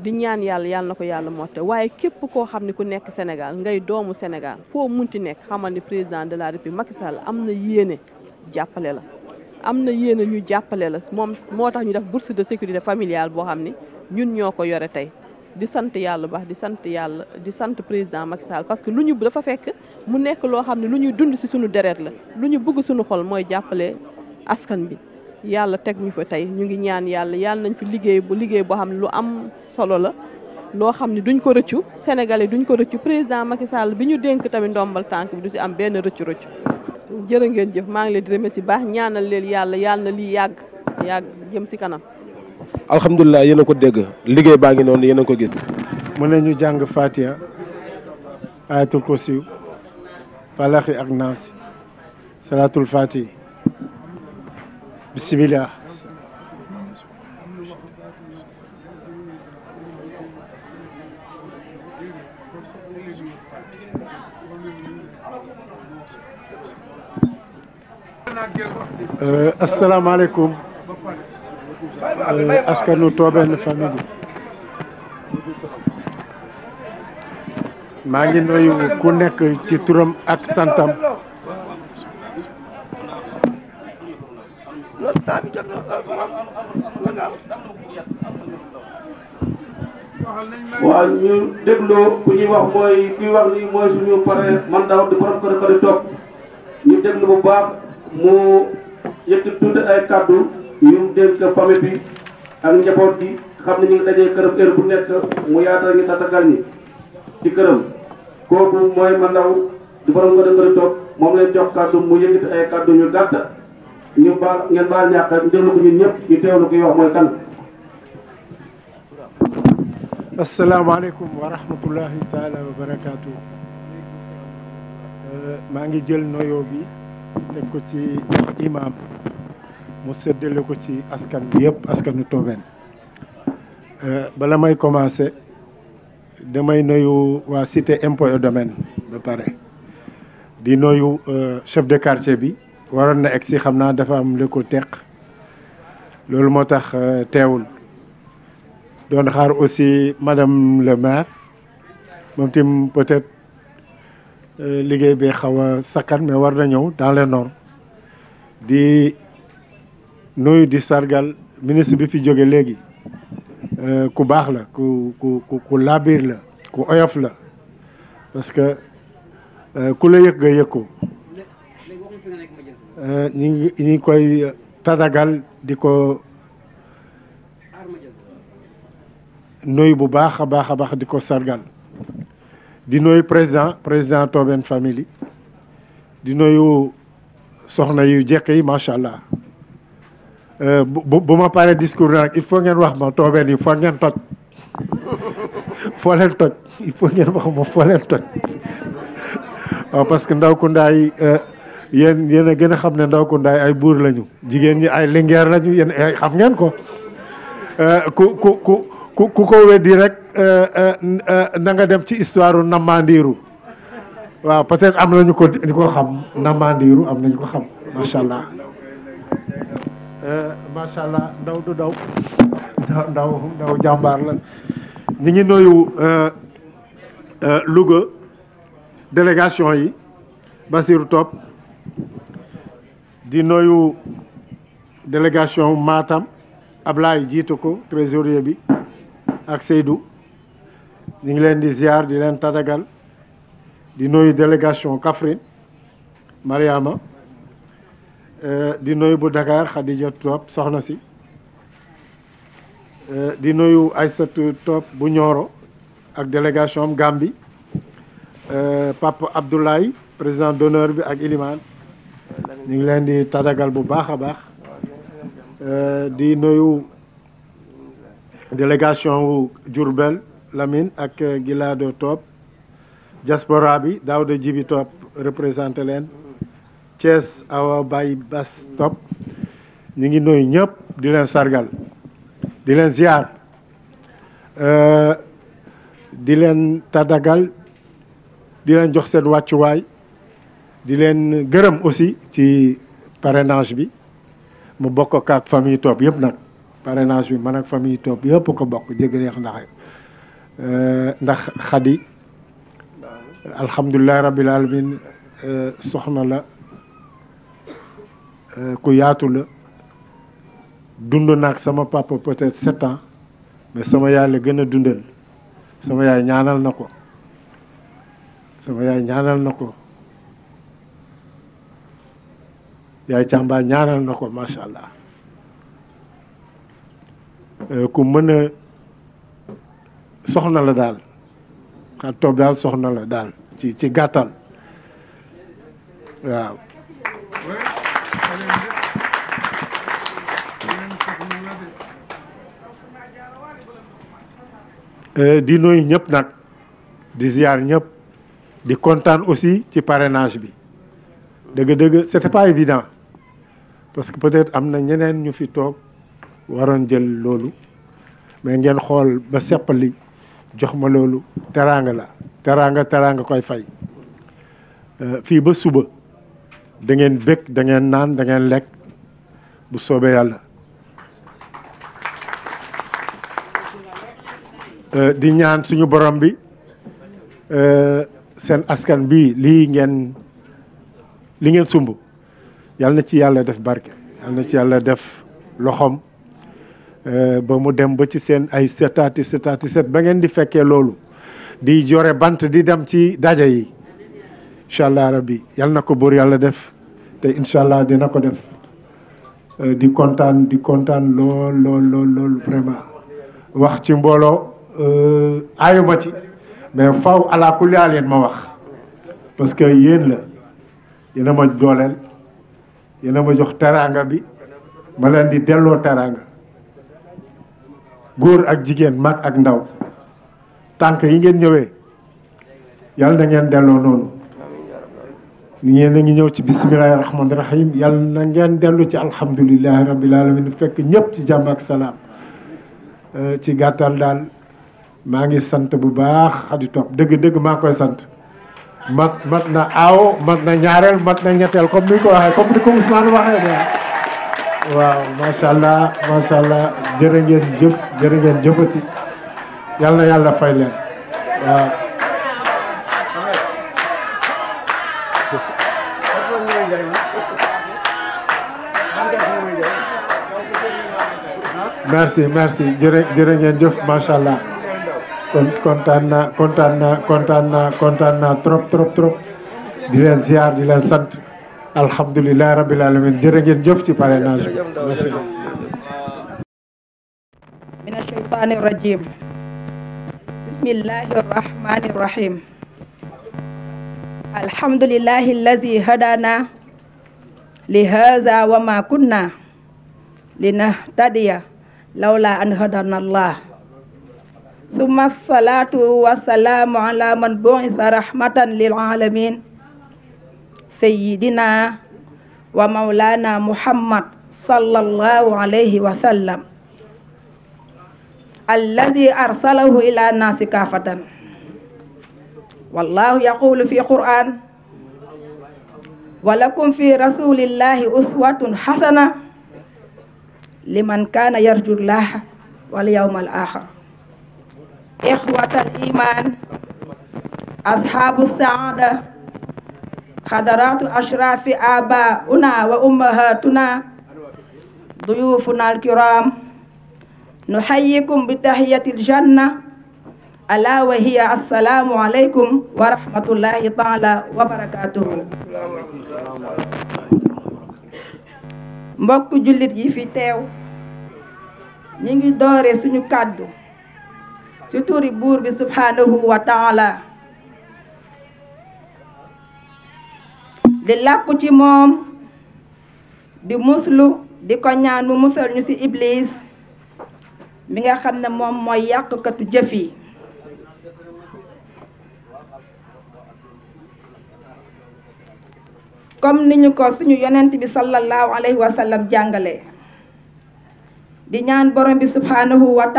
di ñaan yàlla yàlla na ko yàlla motte waaye képp koo xam ne ku nekk Sénégal ngay doomu Sénégal foo mun munti nekk xamal ni président de la République Macky Sall am na yéene jàppale la am na yéene ñu jàppale la moom moo tax ñu def bourse de sécurité familiale boo xam ni ñun ñoo ko yore tey di sant yàlla baax di sant yàlla di sant président Macky Sall parce que lu ñu dafa fekk mu nekk loo xam ne lu ñuy dund si suñu deret la lu ñu bugg suñu xol mooy jàppale askan bi yàlla teg ñu fa tey ñu ngi ñaan yàlla yàlla nañ fi liggéey bu liggéey boo xam ne lu am solo la loo xam ne duñ ko rëccu sénégalais duñ ko rëccu président Macky Sall bi ñu dénk tamit ndombal tànk si am benn rëccu rëccu jërë ngeen jëf maa ngi leen di remercier baax ñaanal leen yàlla yàlla na lii yàgg yàgg jëm si kanam. alhamdulilah yéen a ko dégg liggéey baa ngi noonu yéen a ko gis. mu ne ñu jàng Fatiha ayatul kursi ak naas bisimilah. Uh, asalaamaaleykum uh, askanu Tobène famille bi maa ngi nuyu ku nekk ci turam ak santam. loolu temps na loolu euh, nga am ñu dégloo ku ñuy wax mooy kuy wax lii mooy suñu pare man daaw di ko di ko di toog ñu déglu bu baax mu yëkki tuuti ay kàddu yu mu dénk famille bi ak njaboot gi xam na ñu ngi dajee këram heure nekk mu yaatal ñu tatagal ñi ci këram kooku mooy man daaw di ko di di toog moom lañ jox kàddu mu yëkkati ay kàddu ñu gàtt ñu baal ngeen baal ñàkk rek jël ko ñun ñëpp ñu teewlu ko wax mooy kan. asalaamaaleykum wa rahmatullahi taala wa barakaatu. maa ngi jël noyo bi teg ko ci imaam mu séddale ko ci askan bi yëpp askanu Tobène bala may commencé damay nuyu waa cité impôt domaine ba pare di noyu euh, chef de quartier bi. waroon na egg si xam naa dafa am lu ko teq loolu moo tax euh, teewul doon xaar aussi madame le maire moom tim peut-être euh, liggéey bi xaw a sakkan mais war na ñëw dans les normes di nuyu di sargal ministre bi fi jóge léegi euh, ku baax la ku ku ku laabiir la ku oyof la parce que ku la yëg nga yëg ko Euh, ñu ngi ñu ngi koy tadagal di ko nuyu bu baax a baax a baax di ko sargal di nuyu président président Tobène Family di nuyu soxna yu jekk yi macha allah euh, bu bu ma paree discours nag il faut ngeen wax ma Tobène yi foo ngeen toj <laughs> foo leen toj il faut ngeen wax ma foo leen toj <laughs> parce que ndaw ku ndaay yéen yéen a gën a xam ne ndaw ku ndaay ay buur lañu jigéen ñi ay lingeer lañu ay xam ngeen ko euh, ku ku ku ku ku ko weddi rek euh, euh, na nga dem ci histoire Namandiiru waaw peut-être am nañu ko ñu ko xam Namandiiru am nañu ko xam macha allah macha allah ndaw du daw ndaw ndaw jàmbaar la ñu ngi nooyu Louga délégation yi Basirou Top di nuyu délégation maatam Ablaye jiitu ko trésorier bi ak Seydou ñu ngi leen di ziar di leen tadagal di nuyu délégation Kaffrine Mariama euh, di noyyu bu Dakar Khadija Top soxna si euh, di nuyu Aïssatou Top bu Nioro ak délégation am Gambie euh, Papa Abdoulaye président d'honneur bi ak Ilimane ñu ngi leen di tadagal bu baax a baax euh, di nuyu délégation wu Diourbel Lamine ak gilaado Top diaspora bi Daouda jibi Top représenté leen Thiès Awa Baye Bass Top ñu ngi nuyu ñëpp di leen sargal di leen ziar euh, di leen tadagal di leen jox seen wàccuwaay di leen gërëm aussi ci parrainage bi mu bokk ak ak famille Top yëpp nag parrainage bi man ak famille Top yëpp ko bokk jégaleex ndax euh, ndax xadi alhamdulilahi rabbil alamin euh, soxna la euh, ku yaatu la dund naag sama papa peut-être sept ans mais sama yaay la gën a dundal sama yaay ñaanal na ko sama yaay ñaanal na ko yaay càmba ñaanal na ko macha allah eh, ku mën a soxna la daal xar toob daal soxna la daal ci ci gàttal waaw eh, di nuyu ñëpp nag di ziar ñëpp di kontaan aussi ci parrainage bi dëgg-dëgg c'était pas évident parce que peut-être am na ñeneen ñu fi toog waroon jël loolu mais ngeen xool ba seppali jox ma loolu teraanga la teraanga teraanga koy fay euh, fii ba suba da ngeen bëgg da ngeen naan dangeen lekk bu soobee yàlla euh, di ñaan suñu borom bi euh, seen askan bi lii ngeen li ngeen sumb yàlla na ci yàlla def barke yàlla na ci yàlla def loxoom eh, ba mu dem ba ci seen ay setaati setaati set ba ngeen di fekkee loolu di jore bant di dem ci daja yi incha allah rabbi yàlla na ko buur yàlla def te incha allah dina ko def eh, di kontaan di kontaan lool lool lool lool vraiment wax ci mbooloo eh, aayuma ci mais faw alaa kulli haal ma wax parce que yéen la yéen a ma dooleel yéen a ma jox teraanga bi ma leen di delloo teraanga góor ak jigéen mag ak ndaw tànk yi ngeen ñëwee yàlla na ngeen delloo noonu ni ngeen a ngi ñëw ci bisimilahi rahmaani rahim yàlla na ngeen dellu ci alhamdulilahi rabil alamin fekk ñëpp ci jàmm ak salaam euh, ci gàttal daal maa ngi sant bu baax Khady Top dëgg-dëgg maa koy sant mat mat na aaw mat na ñaareel mat na ñetteel comme ni ko waxee comme ni ko Ousmane waxee de waaw macha allah macha allah jërë ngeen jëf jërë yàlla fay leen merci merci jërë jëf macha allah. kon kontaan naa kontaan naa kontaan naa kontaan naa trop trop trop di leen ziar di leen sant alhamdulilah rabil alamin jërë ngeen jëf ci parrainage bi merci. mina shaytaani rajim bismillahi rahmani rahim alhamdulilahi alladi hadana li hada wa ma kunna linahtadiya lawla an hadana allah summa salaatu wasalaamu ala man bu'isa rahmatan lil alamin sayyidina wa mawlana muhammad sallallahu alayhi wa sallam alladi arsalahu ila nasi kaafatan wallahu yaqulu fi quran wa lakum fi rasulillahi uswatun hasana liman kana yarjullaha wal yawmal axir إخوة الإيمان أصحاب السعادة حضرات أشراف آباؤنا وأمهاتنا ضيوفنا الكرام نحييكم بتحية الجنة ألا وهي السلام عليكم ورحمة الله تعالى وبركاته mbokk jullit yi fi teew ñi ngi doore suñu kàddu ci turi buur bi subhanahu wa taala di làkku ci moom di muslu di ko ñaan mu musal ñu ci iblis mi nga xam ne moom mooy yàqkatu jëf yi comme ni ñu ko suñu yonent bi sallallahu alayhi wa sallam jàngale di ñaan borom bi subhanahu wa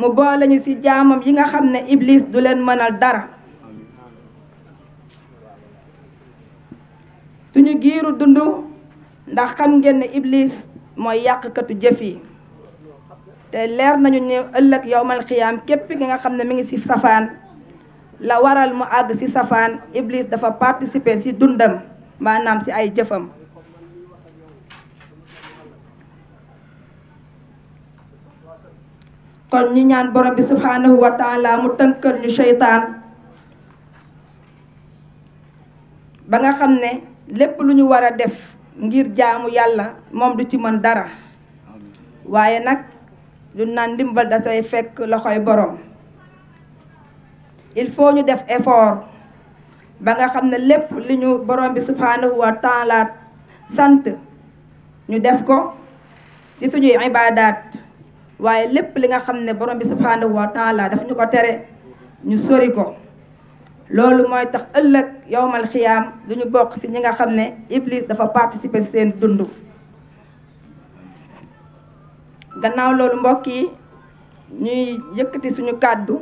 mu boole ñu ci jaamam yi nga xam ne iblis du leen mënal dara suñu giiru dund ndax xam ngeen ne iblis mooy yàqkatu jëf yi te leer nañu ne ëllëg yowmal xiyaam képp ki nga xam ne mi ngi ci safaan la waral mu àgg ci safaan iblis dafa participer ci dundam maanaam ci ay jëfam kon ñu ñaan borom bi subhanahu wa taala mu tënkal ñu seytaan ba nga xam ne lépp lu ñu war a def ngir jaamu yàlla moom du ci mën dara waaye nag lu naan ndimbal dafay fekk loxoy borom il faut ñu def effort ba nga xam ne lépp li ñu borom bi subhanahu wa taala sant ñu def ko ci suñuy ibaadaat waaye lépp li nga xam ne borom bi subhanahu wa taala daf ñu ko tere ñu sori ko loolu mooy tax ëllëg yowmal xiyaam du ñu bokk ci ñi nga xam ne iblis dafa participer seen dund gannaaw loolu mbokk yi ñuy yëkkati suñu kàddu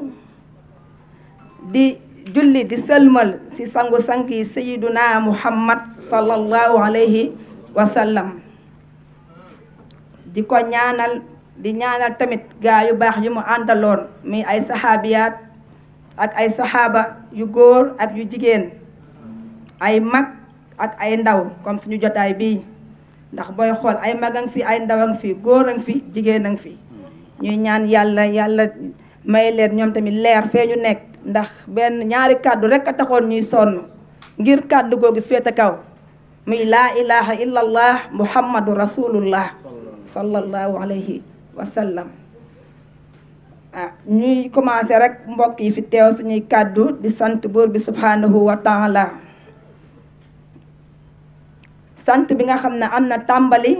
di julli di sëlmal ci sangu-sang yi sayiduna muhammad sallallahu alayhi wa sallam di ko ñaanal di ñaanal tamit gaa yu baax yu mu àndaloon muy ay saxaabiyaat ak ay saxaaba yu góor ak yu jigéen ay mag ak ay ndaw comme suñu jotaay bii ndax booy xool ay mag a fi ay ndaw a fi góor a fi jigéen a ngi fi ñuy ñaan yàlla yàlla may leen ñoom tamit leer fee ñu nekk ndax benn ñaari kàddu rek a taxoon ñuy sonn ngir kàddu googu féete kaw muy laa ilaha illallah muhammadu rasulullah sallallahu alayhi wasallam a ah, ñuy commencé rekk mbokk yi fi teew suñuy kàddu di sant buur bi subhanahu wa taala sant bi nga xam ne am na tàmbali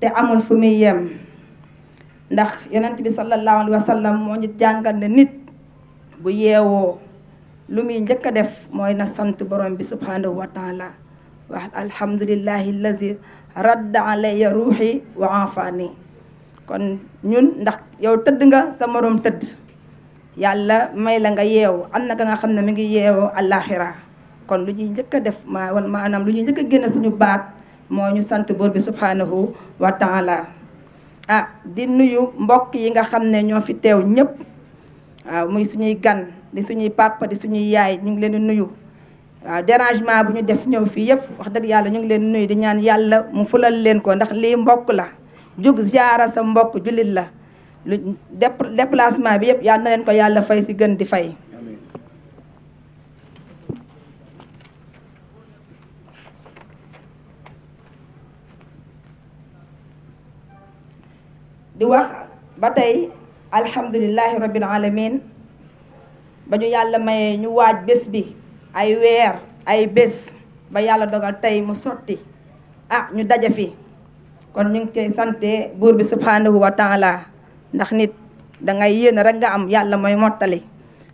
te amul fu muy yem ndax yonent bi sallallahu alayhi wa sallam moo ñu jàngal nit bu yeewoo lu muy njëkk a def mooy na sant borom bi subhanahu wa taala wax alhamdulillahi allazi radda alayya ruuxi wa afani kon ñun ndax yow tëdd nga sa moroom tëdd yàlla may la nga yeew am na ka nga xam ne mi ngi yeewoo àllaaxira kon lu ñuy njëkk a def maa wala maanaam lu ñuy njëkk a génne suñu baat moo ñu sant buur bi subhanahu wa taala ah di nuyu mbokk yi nga xam ne ñoo fi teew ñëpp waaw ah, muy suñuy gan di suñuy papa di suñuy yaay ñu ngi leen di nuyu waaw ah, dérangement bu ñu def ñëw fii yëpp wax dëgg yàlla ñu ngi leen nuyu di ñaan yàlla mu fulal leen ko ndax lii mbokk la jug ziara sa mbokk jullit la lu déplacement bi yëpp yal na leen ko yàlla fay ci gën di fay di wax ba tey alhamdulilahi rabbil alamin ba ñu yàlla mayee ñu waaj bés bi ay weer ay bés ba yàlla dogal tey mu sotti ah ñu daje fi kon ñu ngi koy sante buur bi subhanahu wa taala ndax nit da ngay a rek nga am yàlla mooy mottali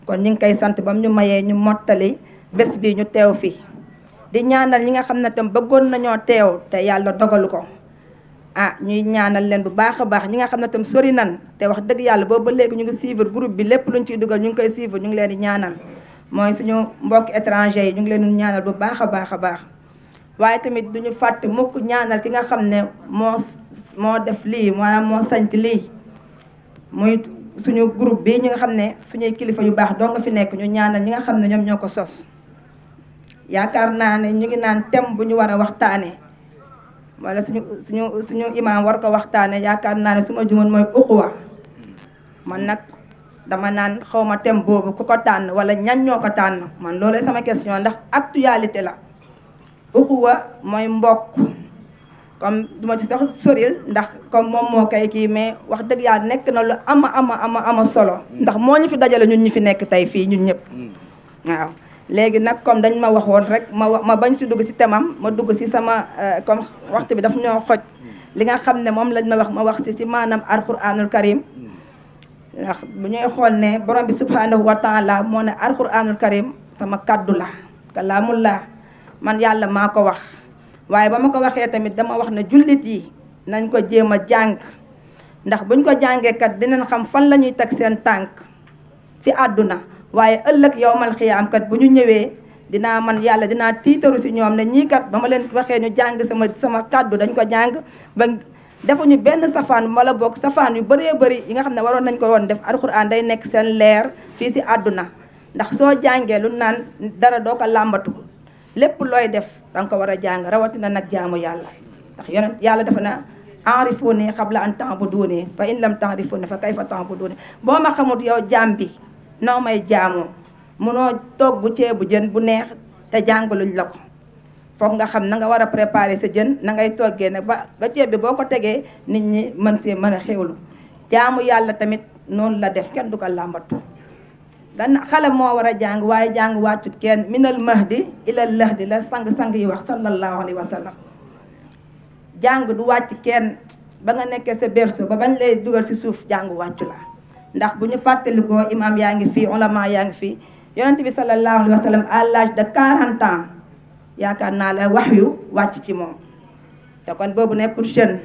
kon ñu ngi koy sant bam ñu mayee ñu mottali bés bi ñu teew fi di ñaanal ñi nga xam ne tam bëggoon nañoo teew te yàlla dogalu ko ah ñuy ñaanal leen bu baax a baax ñu nga xam ne tam sori nan te wax dëgg yàlla boobu ba léegi ñu ngi suivre groupe bi lépp luñ ciy dugal ñu ngi koy suivre ñu ngi leen di ñaanal mooy suñu mbokk étranger yi ñu ngi leen di ñaanal bu baax a baax a baax waaye tamit duñu fàtt mukk ñaanal ki nga xam ne moo moo def lii maanaam moo sant lii muy suñu groupe bi ñi nga xam ne suñuy kilifa yu baax doo nga fi nekk ñu ñaanal ñi nga xam ne ñoom ñoo ko sos yaakaar naa ne ñu ngi naan thème bu ñu war a waxtaanee walla suñu suñu suñu imam war ko waxtaanee yaakaar naa ne suma ma jumoon mooy uquwa man nag dama naan ma tem boobu ku ko tànn wala ñan ñoo ko tànn man loolu sama question ndax actualité la uxuwa mooy mbokk comme duma ci tax soril ndax comme moom moo koy kii mais wax dëgg yàlla nekk na lu ama ama ama ama solo hmm. ndax moo ñu fi dajale ñun ñi fi nekk tey fii ñun ñëpp hmm. waaw léegi nag comme dañ ma waxoon rek ma ma bañ si dugg ci temam ma dugg si sama euh, comme waxtu bi daf ñoo xoj hmm. li nga xam ne moom lañ ma wax ma wax ci si maanaam alquranul karim ndax bu ñuy xool ne borom bi subhanahu wa taala moo ne alquranul karim sama kaddu la kalaamullah man yàlla maa ko wax waaye ba ma ko waxee tamit dama wax ne jullit yi nañ ko jéem a jàng ndax buñ ko jàngee kat dinañ xam fan la ñuy teg seen tànk ci àdduna waaye ëllëg yowmal xiyaam kat bu ñu ñëwee dinaa man yàlla dinaa tiitaru ci ñoom ne ñii kat ba ma leen waxee ñu jàng sama sama kàddu dañ ko jàng ba defuñu benn safaan wala boog safaan yu bëree bëri yi nga xam ne waroon nañ ko woon def alxuraan day nekk seen leer fii ci àdduna ndax soo jàngee lu naan dara doo ko làmbatu lépp looy def danga ko war a jàng rawatina nag jaamu yàlla ndax yonent yàlla dafa na enrifoone xabla an ta'buduni fa in lam ta'rifuni fa kayfa ta'buduni boo ma xamut yow jaam bi naw may jaamoo munoo toog bu ceebu jën bu neex te jàngaluñ la ko foog nga xam na nga war a préparer sa jën na ngay toggee nag ba ba ceeb bi boo ko tegee nit ñi mën see mën a xewlu jaamu yàlla tamit noonu la def kenn du ko làmbatu dan xale moo war a jàng waaye jàng wàccut kenn minal di ilal di la sang-sang yi wax sallallahu alayhi wa sallam jàng du wàcc kenn ba nga nekkee sa berceau ba bañ lay dugal ci suuf jàng wàccu la ndax bu ñu fàttalikoo imam yaa ngi fii ulama yaa ngi fii yonent bi sallallahu alayhi wa sallam de 40 ans yaakaar naa la wax yu wàcc ci moom te kon boobu nekkut jeune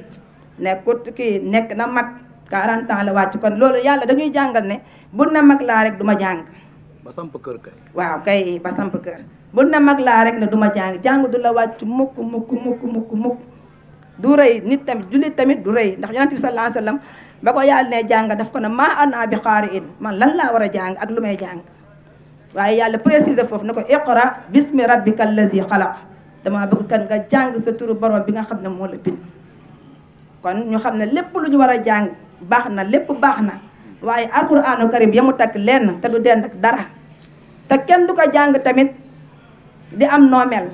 nekkut kii nekk na mag 40 ans la wàcc kon loolu yàlla dañuy jàngal ne bul na mag laa rek du ma jàng. ba samp kër kay. waaw kay ba samp kër bul na mag laa rek ne du ma jàng jàng du la wàcc mukk mukk mukk mukk mukk du rëy nit tamit jullit tamit du rëy ndax yonent bi sallallahu alayhi ba ko yàlla jàng daf ko ne maa bi xaari in man lan laa war a jàng ak lu may jàng waaye yàlla préciser foofu ne ko iqra bismi rabbika allazi xalaq damaa bëgg kan nga jàng sa turu borom bi nga xam ne moo la bind kon ñu xam ne lépp lu ñu war a jàng baax na lépp baax na waaye alquraanu karim yamu takk lenn te du dend ak dara te kenn du ko jàng tamit di am noomel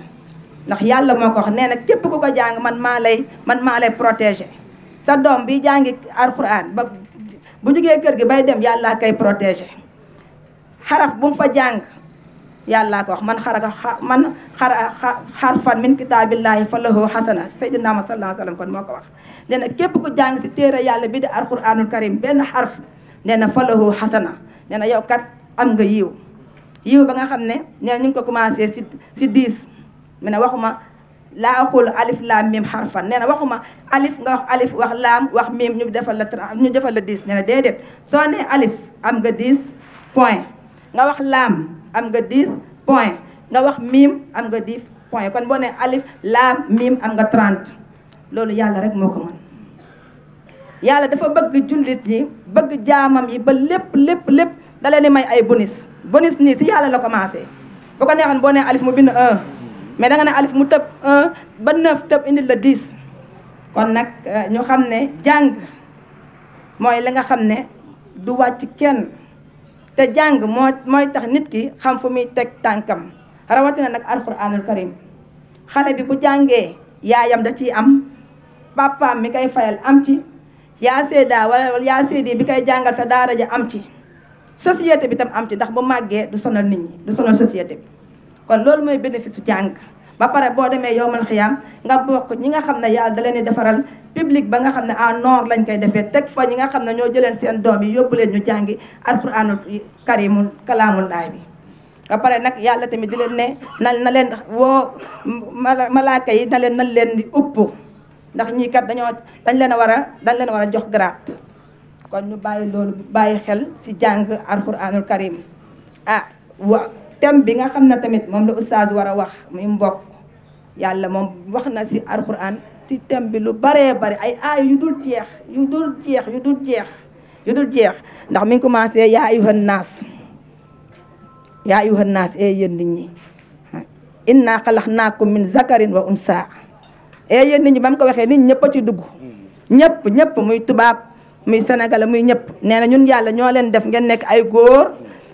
ndax yàlla moo ko nee na képp ku ko jàng man maa lay man maa lay protéger sa doom bi jàngi alquran ba bu jógee kër gi bay dem yàlla kay protéger xaraf bu mu fa jàng yàlla ko wax man xaraka man xara xarfan min kitaabillahi fa lahu xasana sayyidina ma sallallahu alayhi wasallam kon moo ko wax nee na képp ku jàng si téere yàlla bi di alquranul karim benn xarf nee na fa lahu xasana nee na yow kat am nga yiw yiw ba nga xam ne nee na ngi ko commencé si si dix mu ne waxuma laa xool alif laam mim xarfan nee na waxuma alif nga wax alif wax laam wax mim ñu defal la ñu defal la dix na déedéet soo nee alif am nga dix point nga wax laam am nga 10 point nga wax miim am nga 10 point kon boo ne alif laam miim am nga trent loolu yàlla rek moo ko mën yàlla dafa bëgg jullit yi bëgg jaamam yi ba lépp lépp lépp da leen di may ay bonus bonus nii si yàlla la commencé bu ko neexoon boo ne alif mu bind 1 mais danga ne alif mu tëb 1 ba 9 tëb indi la 10 kon nag euh, ñu xam ne jàng mooy li nga xam ne du wàcc kenn te jàng moo mooy tax nit ki xam fu muy teg tànkam rawatina nag alquranul karim xale bi ku jàngee yaayam da ciy am papaam mi koy fayal am ci yaa seedaa wala yaa seedi bi kay jàngal te daara ja am ci société bi tam am ci ndax bu màggee du sonal nit ñi du sonal société bi kon loolu mooy bénéfice su jàng ba pare boo demee yow man xiyaam nga bokk ñi nga xam ne yàlla da leen di defaral public ba nga xam ne en nord lañ koy defee teg fa ñi nga xam ne ñoo jëleen seen doom yi yóbbu leen ñu jàngi alquraanul karimul kalaamul laay bi ba nag yàlla tamit di leen ne na na leen woo malaaka yi na leen nañ leen di upp ndax ñii kat dañoo dañ leen a war a dañ leen war a jox garaat kon ñu bàyyi bàyyi xel ci jàng alquraanul karim ah wa thème bi nga xam ne tamit moom la oustaz war a wax muy mbokk moom wax na si alxuraan ci thème bi lu baree bari ay aay yu dul jeex yu dul jeex yu dul jeex yu dul jeex ndax mi ngi commencé yaa ayuhan yaa ayuhan naas ee yéen nit ñi inna xalaxnaakum min zakarin wa unsa ee yéen nit ñi ba mu ko waxee nit ñëpp a ci dugg ñëpp ñëpp muy tubaab muy senegal muy ñëpp nee na ñun yàlla ñoo leen def ngeen nekk ay góor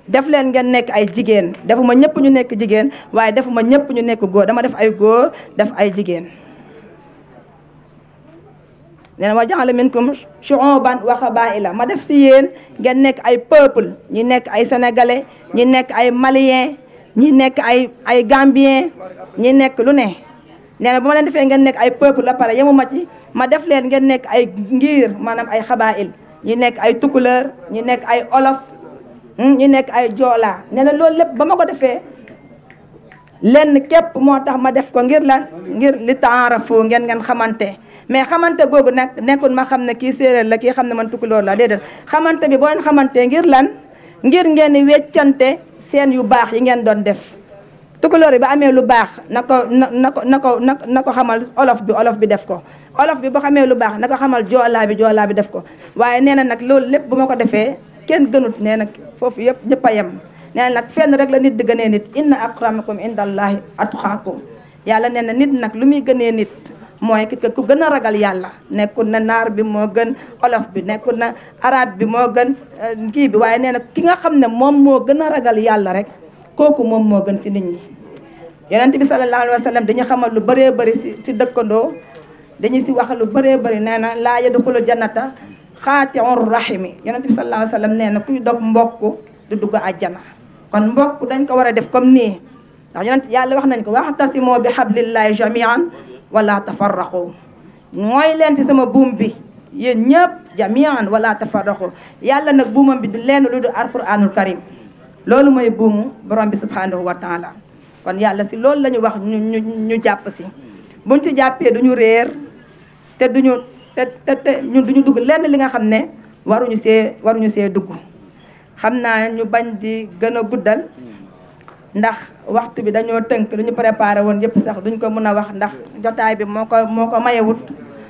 def leen ngeen nekk ay jigéen defuma ñëpp ñu nekk jigéen waaye defuma ñëpp ñu nekk góor dama def ay góor def ay jigéen neen wa jaxale minkum shu'uban wa qabaa'ila ma def si yéen ngeen nekk ay peuple ñi nekk ay sénégalais ñi nekk ay maliyen ñii nekk ay ay gambien ñi nekk lu ne nee na bu ma leen defee ngeen nekk ay peuple la pare yemuma ci ma def leen ngeen nekk ay ngir maanaam ay xabaa'il ñi nekk ay tukleur ñi nekk ay olof Hmm, ñu nekk ay joolaa nee na loolu lépp ba ma ko defee lenn képp moo tax ma def ko ngir lan ngir li taarafu ngeen ngeen xamante mais xamante googu nag nekkul ma xam ne kii séeréer la ki xam ne man tukkuloor la déedéet xamante bi boo leen xamante ngir lan ngir ngeen weccante seen yu baax yi ngeen doon def tukkuloor bi amee lu baax na ko na na ko na ko na ko xamal olof bi olof bi def ko olof bi boo xamee lu baax na ko xamal joolaa bi joolaa bi def ko waaye nee na nag loolu lépp bu ma ko defee kenn gënut nee na foofu yëpp ñëpp a yem nee nag fenn rek la nit di gënee nit inna akramakum indallahi atqaakum yàlla nee na nit nag lu muy gënee nit mooy ki ku gën a ragal yàlla nekkul na naar bi moo gën olof bi nekkul na araad bi moo gën euh, kii bi waaye nee na ki nga xam ne moom moo gën a ragal yàlla rek kooku moom moo gën ci nit ñi yonent bi sallallahu alayhi wa dañu xamal lu bëree bëri ci dëkkandoo dañu si wax lu bëree bëri nee na laa yadxulu janata xaatiur rahimi yonent bi sallallahu alayhi wa sallam nee na kuy dog mbokk du dugg àjjana kon mbokk dañ ko war a def comme nii ndax yonent yàlla wax nañ ko waxtasimoo bi hablillahi jamian wala tafarraqu mooy leen ci sama buum bi yéen ñëpp jamian walaa tafarraqu yàlla nag buumam bi du leen lu du alquranul karim loolu mooy buumu borom bi subhanahu wa taala kon yàlla si loolu lañu wax ñu ñu ñu jàpp si buñ ci jàppee duñu reer te duñu te te te ñun du ñu dugg lenn li nga xam ne waruñu see waruñu see dugg xam naa ñu bañ di gën a guddal ndax waxtu bi dañoo tënk lu ñu préparé woon yëpp sax duñ ko mën a wax ndax jotaay bi moo ko moo ko mayewut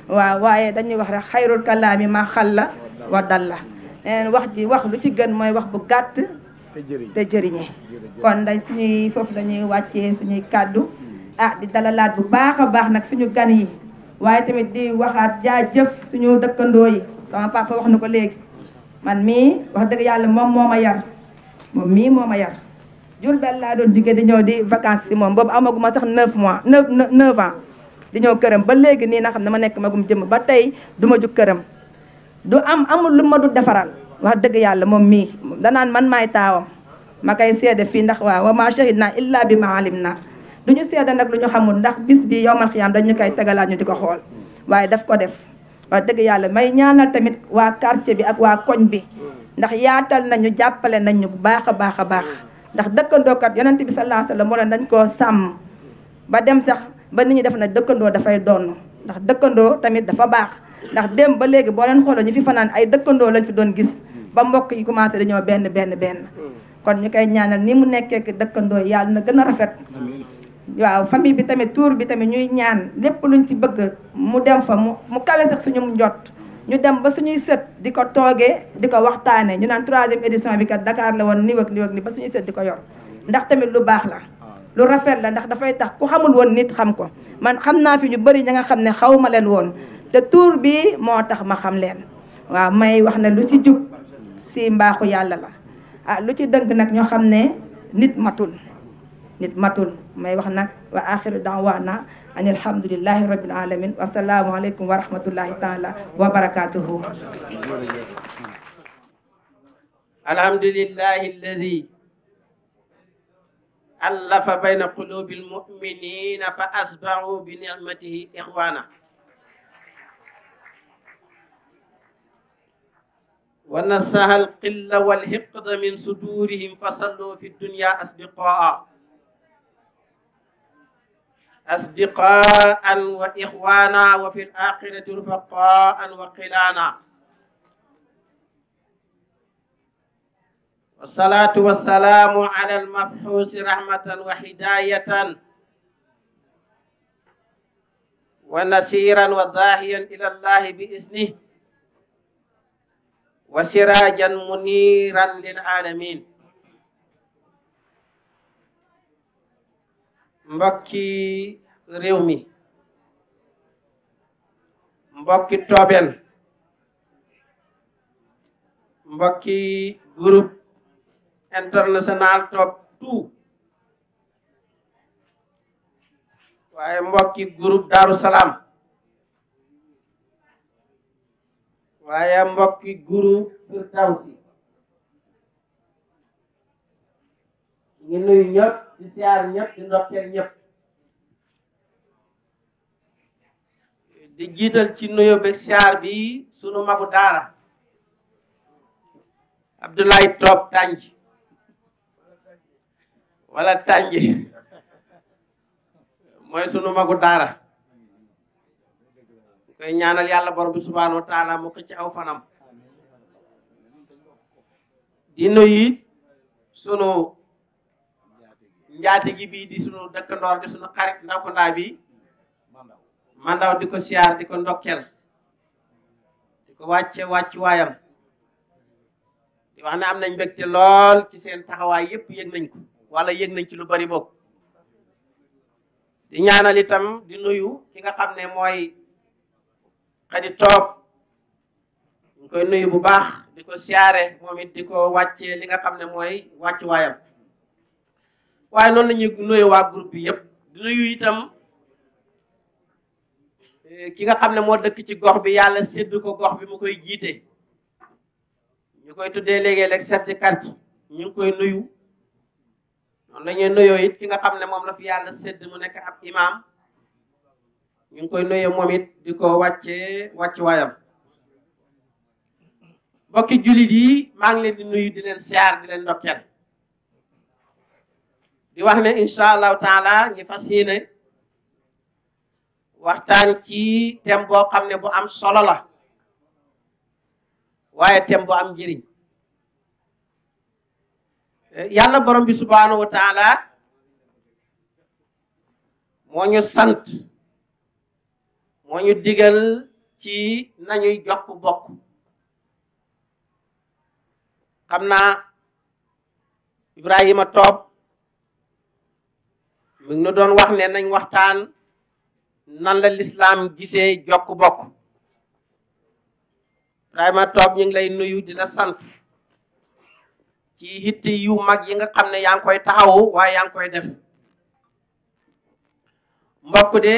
waaw waaye dañuy wax rek xayrul kalaami ma xal la wa dal la neen wax ji wax lu ci gën mooy wax bu gàtt te jëriñe kon day suñuy foofu lañuy ñuy wàccee suñuy kàddu ah di dalalaat bu baax a baax nag suñu gan yi waaye tamit di waxaat jaajëf suñu dëkkandoo yi sama papa wax na ko léegi man mii wax dëgg yàlla moom moo ma yar moom mii moo ma yar Jurbel laa doon jóge di ñëw di vacances si moom boobu amaguma sax neuf mois neuf neuf ans di ñëw këram ba léegi nii na xam ne ma nekk magum jëmm ba tey du ma jug këram du am am lu ma du defaral wax dëgg yàlla moom mii danaan man maay taawam ma koy seede fii ndax waaw wa ma shahid naa illaa bi ma alim naa lu ñu seede nag lu ñu xamul ndax bis bi yowmal xiyaam dañu koy tegalaat ñu di ko xool waaye daf ko def wax dëgg yàlla may ñaanal tamit waa quartier bi ak waa koñ bi ndax yaatal nañu jàppale nañu bu baax a baax a baax ndax dëkkandoo kat yonent bi sallallahu alayhi wasallam moo leen dañ koo sàmm ba dem sax ba nit ñi def na dëkkandoo dafay doon ndax dëkkandoo tamit dafa baax ndax dem ba léegi boo leen xooloo ñu fi fanaan ay dëkkandoo lañ fi doon gis ba mbokk yi commencé dañoo benn benn benn mm. kon ñu koy ñaanal ni mu nekkee dëkkandoo yàlla na gën a rafet waaw famille bi tamit tuur bi tamit ñuy ñaan lépp luñ ci bëgg mu dem fa mu mu kawe sax suñu njot ñu dem ba su ñuy sët di ko toogee di ko waxtaanee ñu naan troisième édition bi kat Dakar la woon nii ak nii ak nii ba sët di ko yor ndax tamit lu baax la. lu rafet la ndax dafay tax ku xamul woon nit xam ko man xam naa fi ñu bëri ña nga xam ne xaw ma leen woon te tuur bii moo tax ma xam leen waaw may wax ne lu ci jub si mbaaxu yàlla la ah lu ci dëng nag ñoo xam ne nit matul. nit matul may wax nag wa axiru daawaana an alhamdulilahi rabil alamin wasalaamualeykum wa rahmatullahi taala wa barakatuhu alhamdulilahi alladi allafa bayna qulubi almuminina fa asbahu bi nicmatihi ixwana ونسها القل والحقد من صدورهم فصلوا في الدنيا أسبقاء أصدقاء وإخوانا وفي الآخرة رفقاء وقلانا والصلاة والسلام على المبحوث رحمة وهداية ونسيرا وداهيا إلى الله بإذنه وسراجا منيرا للعالمين mbokki réew mi mbokki tooben mbokki groupe international top tout waaye mbokki groupe Darou waaye mbokki groupe Firdawsi ñu nuyu ñëpp di ñëpp di ñëpp di jiital ci nuyo beeg siyaar bi sunu magu daara Abdoulaye Top Tanji wala Tanji mooy sunu magu daara koy ñaanal yàlla borom bi subhaanahu wa taala mu xëcc aw fanam di nuyu sunu njaati gi di sunu dëkkandoor bi sunu xarit ndaw ko bi mandaw di ko siyaar di ko ndokkeel di ko wàcce wàcc waayam di wax ne am nañ mbégte lool ci seen taxawaay yépp yëg nañ ko wala yëg nañ ci lu bari bokk di ñaanal itam di nuyu ki nga xam ne mooy xadi toog ñu koy nuyu bu baax di ko siyaare moom it di ko wàccee li nga xam ne mooy wàccuwaayam waaye noonu la ñuy nuyu waa groupe bi di nuyu itam ki nga xam ne moo dëkk ci gox bi yàlla sédd ko gox bi mu koy jiite ñu koy tuddee léegi-léeg chef de quartier ñu ngi koy nuyu noonu la ñuy nuyoo ki nga xam ne moom la fi yàlla sédd mu nekk ab imaam ñu ngi koy nuyoo moom it di ko wàcce wàccuwaayam mbokki jullit yi maa ngi leen di nuyu di leen siyaar di leen ndokkeel di wax ne incha allahu taala ñi fas yéene waxtaan ci thème boo xam ne bu am solo la waaye thème bu am njëriñ yàlla borom bi subhaanahu wa moo ñu sant moo ñu digal ci nañuy jokk bokk xam naa Ibrahima Toob mi ngi nu doon wax ne nañ waxtaan nan la lislaam gisee jokk bokk Ibrahima toog ñu ngi lay nuyu di la sant ci hitti yu mag yi nga xam ne yaa ngi koy taxawu waaye yaa ngi koy def mbokk de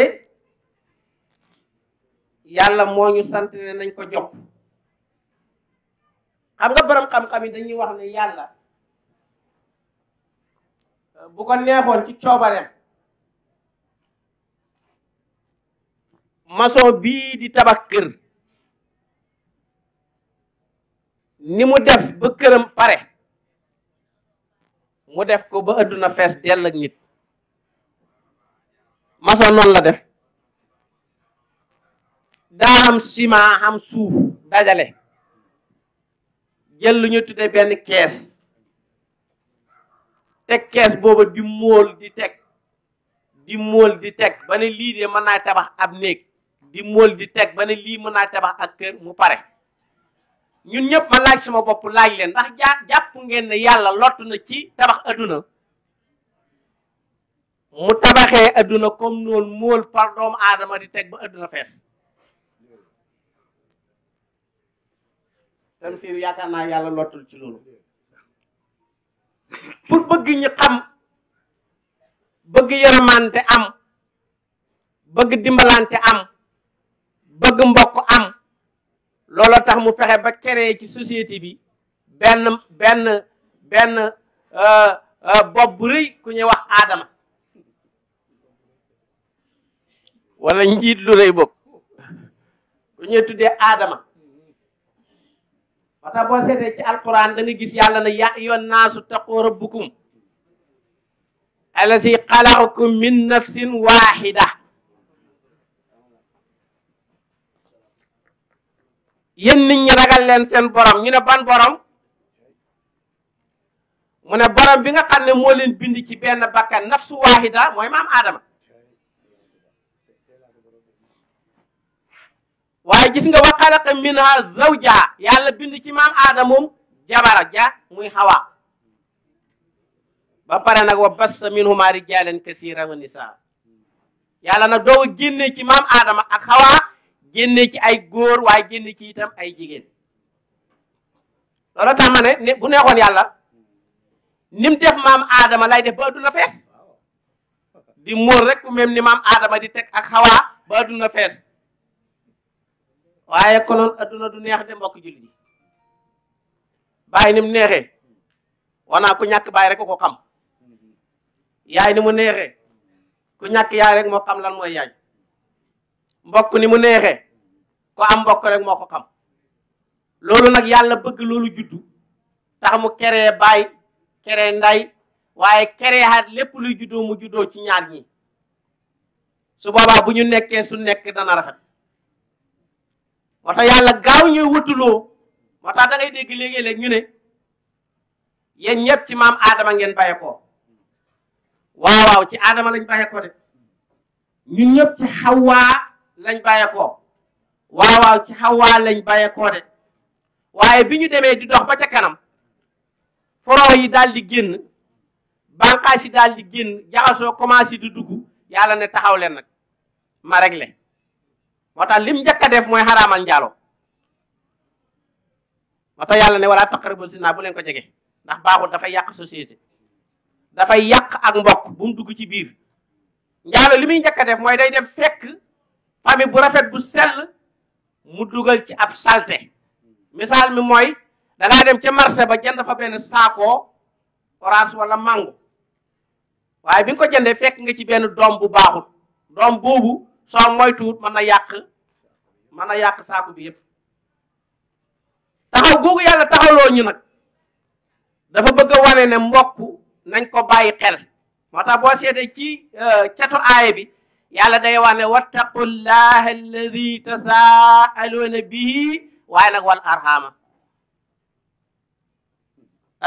yàlla moo ñu sant ne nañ ko jokk xam nga borom xam-xam yi dañuy wax ne yàlla bu ko neexoon ci coobareem maçon bii di tabax kër ni mu def ba këram pare mu def ko ba adduna fees dell ak nit maçon noonu la def daa am ciment am suuf dajale jël lu ñu tudde benn kees teg kees booba di móol di teg di móol di teg ba ne lii de mën naa tabax ab néeg di mool di teg ba ne lii mën naa tabax ak kër mu pare ñun ñëpp ma laaj sama bopp laaj leen ndax jàpp ngeen ne yàlla lott na ci tabax adduna mu tabaxee adduna comme noonu mool par aadama di teg ba adduna fees Tamsir yaakaar naa yàlla lottul ci loolu pour bëgg ñu xam bëgg yërmante am bëgg dimbalante am bëgg mbokk am looloo tax mu fexe ba créer ci société bi benn benn benn euh, euh, bopp bu rëy ku ñuy wax aadama wala njiit lu rëy bopp ku ñuy tuddee aadama parce que boo seetee ci alquran da nga gis yàlla na ya yoon naasu taqoo rabbukum allazi xalaqakum min nafsin waxida yéen nit ñi ragal leen seen borom ñu ne ban borom mu ne borom bi nga xam ne moo leen bind ci benn bakkan nafsu waahida mooy maam Adama waaye gis nga wa xalaqa minha zawja yàlla bind ci maam Adamum jabara ja muy Hawa ba pare nag wa bassa minhuma rijalan kasiran wa nisaa yàlla nag doo génne ci maam Adama ak Hawa. génne ci ay góor waaye génne ci itam ay jigéen loolu tax bu neexoon yàlla nim def maam aadama lay def ba adduna fees di móor rek ku mel ni maam aadama di teg ak xawaa ba adduna fees waaye konoon adduna du neex de mbokk jullit yi bàyyi ni mu neexee wanaa ku ñàkk bàyyi rek ko xam yaay ni mu neexee ku ñàkk yaay rek moo xam lan mooy yaay mbokk ni mu neexe ko am mbokk rek moo ko xam loolu nag yàlla bëgg loolu juddu tax mu kere baay keree nday waaye keree xaat lépp luy juddoo mu juddoo ci ñaar ñi su boobaa bu ñu nekkee su nekk dana rafet moo yàlla gaaw ñuy wëtuloo moo tax da dégg léegi-léeg ñu ne yéen ñëpp ci maam aadama ngeen baye ko waaw ci aadama lañ baye ko de ñun ñëpp ci xawaa lañ baye ko waaw ci xawaa lañ bàyyee waaye bi ñu demee di dox ba ca kanam front yi daal di génn bànqaas yi daal di génn jaxasoo commencé di dugg yàlla ne taxaw leen nag ma réglé moo tax lim njëkk def mooy xaraamal njaaloo moo tax yàlla ne wala taqrabul zina bu leen ko jege ndax baaxul dafay yàq société dafay yàq ak mbokk bu mu dugg ci biir njaalo li muy njëkk a def mooy day def fekk famille bu rafet bu sell mu dugal ci ab salte misaal mi mooy da dem ca marché ba jënd fa benn saako orange wala mango waaye bi nga ko jëndee fekk nga ci benn doom bu baaxul doom boobu soo moytuwut mën na yàq mën a yàq saako bi yëpp taxaw googu yàlla taxawloo ñu nag dafa bëgg a wane ne mbokk nañ ko bàyyi xel moo tax boo seetee ci euh, catu aaya bi yàlla day wax ne wattaqullaha alladi tasaaluuna bihi waaye nag wal arhama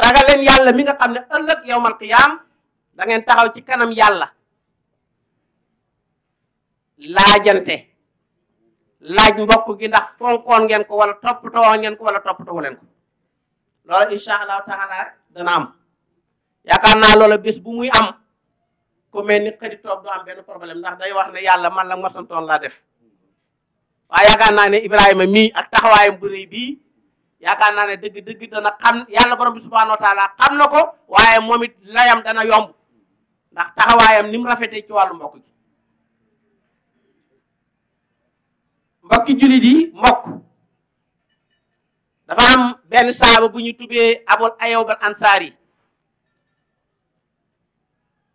ragal leen yàlla mi nga xam ne ëllëg yowmal qiyaam da ngeen taxaw ci kanam yàlla laajante laaj mbokk gi ndax fonkoon ngeen ko wala toppatoo ngeen ko wala toppatoo leen ko loolu incha allahu taala dana am yaakaar naa loolu bés bu muy am ku mel ni xëy toog du am benn problème ndax day wax ne yàlla man la ma santoon laa def waaye yaakaar naa ne Ibrahima mii ak taxawaayam bu rëy bii yaakaar naa ne dëgg-dëgg dana xam yàlla borom bi subhaanahu wa xam na ko waaye moom it layam dana yomb ndax taxawaayam ni mu rafetee ci wàllu mbokk ji mbokki jullit mbokk dafa am benn saaba bu ñu tubee abul ayobal ansaar yi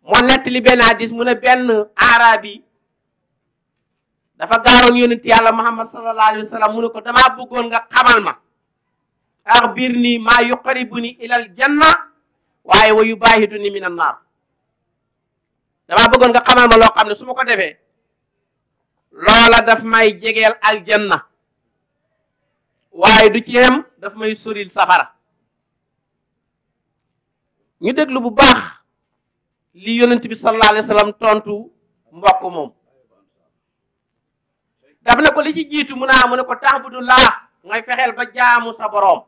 moo li benn hadis mu ne benn aaraab yi dafa gaaroon yonent yàlla muhammad sallallahu alayhi wa sallam mu ne ko damaa bëggoon nga xamal ma axbir nii maa yuqaribuni ilal janna waaye wa yubaahiduni min an naar damaa bëggoon nga xamal ma loo xam ne su ma ko defee loola daf may jegeel aljanna waaye du ci yem daf may soril safara ñu déglu bu baax li yonent bi sallallahu alayhi tontu mbokk moom daf na ko li ci jiitu mu naa ah, mu ne ko du laa ngay fexeel ba jaamu saboroom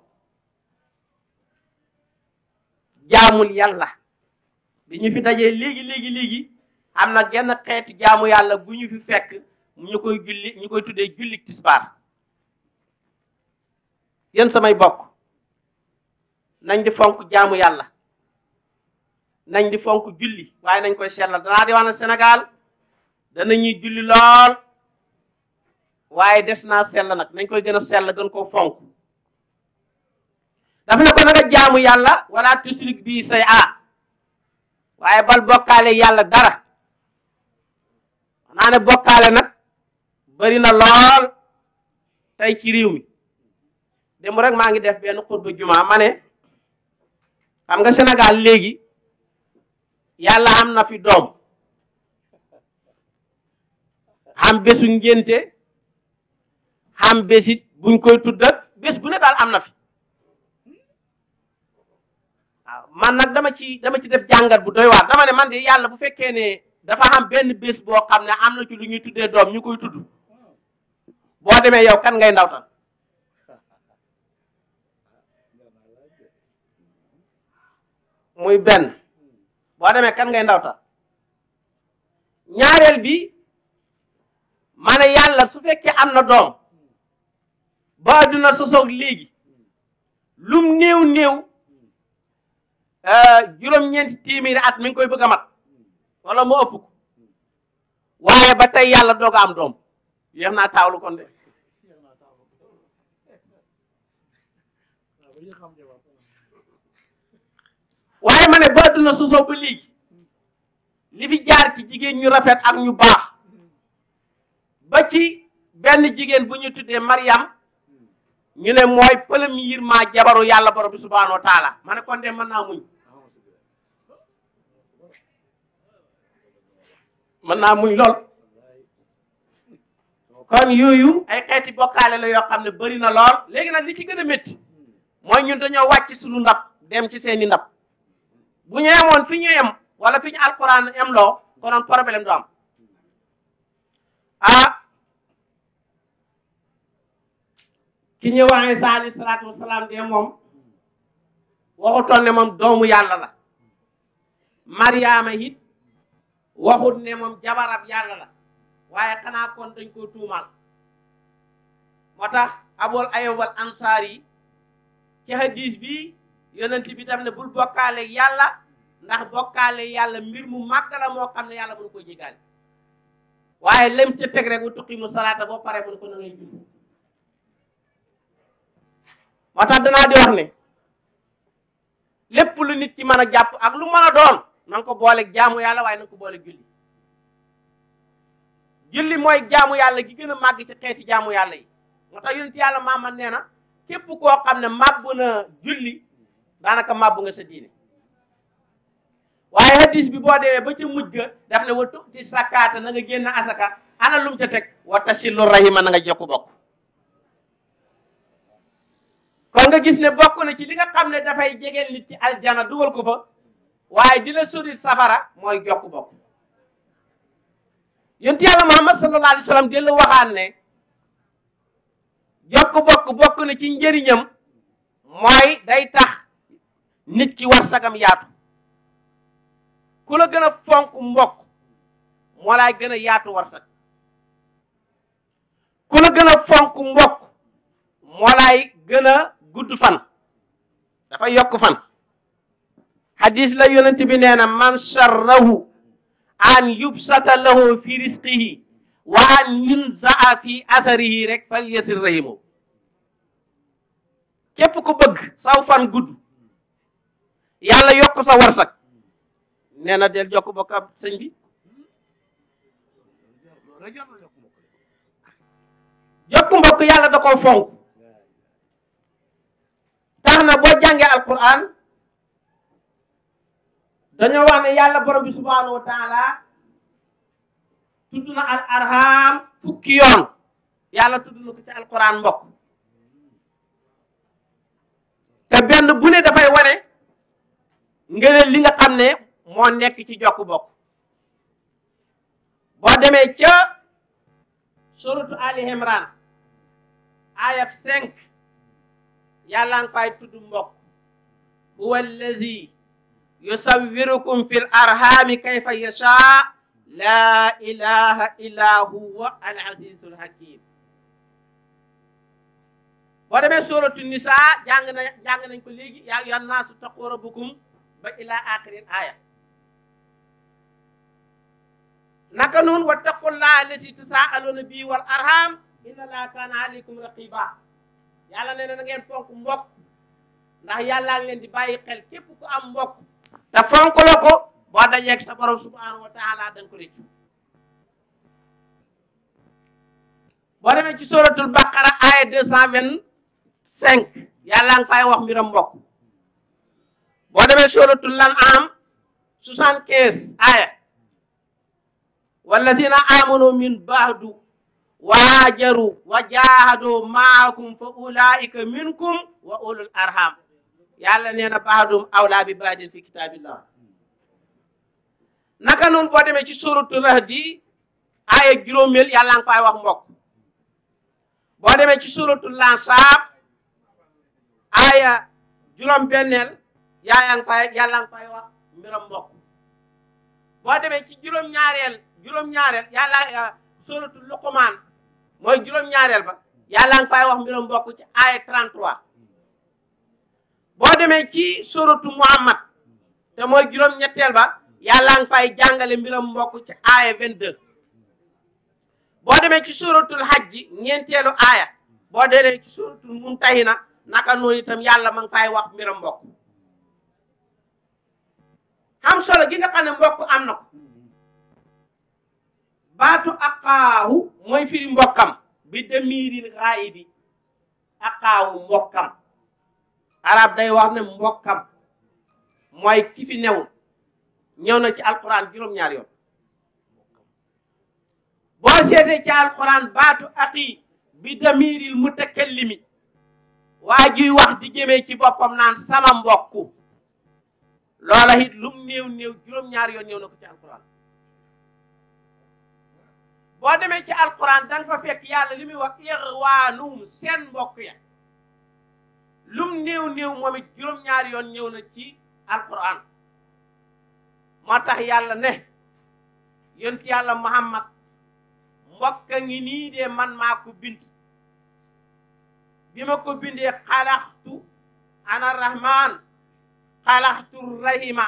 jaamul yàlla bi ñu fi dajee léegi léegi léegi am na genn xeetu jaamu yàlla bu ñu fi fekk ñu koy julli ñu koy tuddee julli tisbaar yéen samay bokk nañ di fonk jaamu yàlla nañ di fonk julli waaye nañ koy seetlal danaa di wax na Sénégal danañuy julli lool waaye des naa sell nag nañ koy gën a sell gën koo fonk dafa ne ko na jaamu yàlla wala tusrik bii say a waaye bal bokkaale yàlla dara naa ne bokkaale nag bëri na lool tey ci réew mi démb rek maa ngi def benn xutba jumaa ma ne xam nga Sénégal léegi yàlla am na fi doom xam bésu ngénte xam bésit buñ koy tudd ak bés bu ne daal am na fi man nag dama ci dama ci def jàngat bu doy waar dama ne man de yàlla bu fekkee ne dafa am benn bés boo xam ne am na ci lu ñuy tuddee doom ñu koy tudd boo demee yow kan ngay ndawtal muy benn boo demee kan ngay ndawtal ñaareel bi ma yàlla su fekkee am na doom ba àdduna sosoog léegi lum néew néew euh, juróom-ñeenti téeméeri at mi koy bëgg a mat wala mu ëpp waaye ba tey yàlla doog a am doom yéex naa taawlu kon de waaye ma ba àdduna sosoo ba léegi li fi jaar ci jigéen ñu rafet ak ñu baax ba ci benn jigéen bu ñu tuddee mariyam ñu ne mooy premièrement jabaru yàlla borom bi subhaanahu wa taala ma ne kon de mën naa muñ mën naa muñ lool kon yooyu ay xeeti bokkaale la yoo xam ne bari na lool léegi nag li ci gën a métti mooy ñun dañoo wàcc suñu ndab dem ci seeni ndab bu ñu yemoon fi ñu yem wala fi ñu alquran yem loo konoon problème du am ah ki sa alayhi salaatu wasalaam de moom waxutoon ne moom doomu yàlla la mariama it waxut ne moom jabarab yàlla la waaye xanaa kon dañ koo tuumaal moo tax abul ayub al ansaar yi ci hadis bi yonent bi daf na bul bokkaale yàlla ndax bokkaale yàlla mbir mu màgg la moo xam ne yàlla mënu ko jéggaale waaye lem ca teg rek mu tukki mu salaata boo pare mënu ko na ngay julli moo lépp lu nit mën a jàpp ak lu mën a doon na nga ko booleeg jaamu yàlla na nga ko booleeg julli julli mooy jaamu yàlla gi gën a màgg ci xeeti jaamu yàlla yi moo tax yonent yàlla maaman nee na képp koo xam ne màgg na julli daanaka màbbu nga sa diine waaye bi boo demee ba ca mujj ga daf na nga génn asaka ana ca teg wa tasilu na nga jokku bokk kon nga gis ne bokk na ci li nga xam ne dafay jegeel nit ci aljana duwal ko fa waaye di la safara mooy jokk bokk yonent yàlla muhammad sallallahu alayhi wa sallam dellu waxaan ne jokk bokk bokk na ci njëriñam mooy day tax nit ki war sagam yaatu ku la gën a fonk mbokk gën a yaatu war sag ku la gën a fonk mbokk moo gën a gudd fan dafa yokk fan xadis la yonent bi nee na man sarrahu an yubsata lahu fi risqihi wa an yunzaa fi asarihi rek fal yasir rahimu képp ku bëgg saw fan gudd yàlla yokk sa warsak nee na del jokk bokk ab sëñ bi jokk mbokk yàlla da koo fonk tax na boo jàngee alquran dañoo wax ne yàlla borom bi subhanahu wa taala tudd na al arham fukki yoon yàlla tudd na ko ci alquran mbokk te benn bu dafay wane ngëneel li nga xam ne moo nekk ci jokk bokk boo demee ca suratu ali imran ayab cinq yàlla nga fay tudd mbokk huwa allazi yusawwirukum fil arhami kayfa yasha laa ilaha illa al azizul hakim boo demee suratu nisa jàng na jàng nañ ko léegi yaa yaa naasu taqoo rabbukum ba ilaa aaxiril aaya naka noonu wattaqullaaha allazii tasaaluuna bihi wal arham inna laaha kaana aleykum raqiba yàlla nee na ngeen fonk mbokk ndax yàllaa leen di bàyyi xel képp am mbokk te fonk la ko boo dajeeg borom subhaanahu wa taala danga ko réccu boo demee ci suratul baqara aaya deux cent cinq yàlla fay wax mbiram mbokk boo demee suratul an'am soixante quinze aya wallazina amanu min ba'du waajaru wa jaahadu maakum fa ulaika minkum wa ulul arham yàlla nee na baadum awlaa fi kitaabillah naka noonu boo demee ci suratul rahdi aaya juróomeel yàlla nga fay wax mbokk boo ci suratul lansaab yaayaa ngi fay yàlla ngi fay wax mbiram mbokk boo demee ci juróom-ñaareel juróom-ñaareel yàlla suratu Luqmaan mooy juróom-ñaareel ba yàlla ngi fay wax mbiram mbokk ci aaya 33 boo demee ci suratu Muhammad te mooy juróom-ñetteel ba yàlla ngi fay jàngale mbiram mbokk ci aaya 22 boo demee ci suratul hajj ñeenteelu aaya boo demee ci suratul mumtahina naka noonu itam yàlla ma ngi fay wax mbiram mbokk am solo gi nga xam ne mbokk am na ko baatu aqaahu mooy firi mbokkam bi damiiril xaayibi aqaahu mbokkam arab day wax ne mbokkam mooy ki fi newul ñëw na ci alquran juróom-ñaar yoon boo seetee ci alquran baatu aqi bi damiril mutakallimi waa juy wax di jëmee ci boppam naan sama mbokku loola it lum néew néew juróom-ñaar yoon ñëw na ko ci alquran boo demee ci alquran da nga fa fekk yàlla li muy wax ixwaanuhum seen mbokk ya lum new néew moom juróom-ñaar yoon ñëw na ci alquran moo tax yàlla ne yont yàlla muhammad mbokk a ngi nii de man maa ko bind bi ma ko bindee xalaxtu ana rahman xalaxtu rahima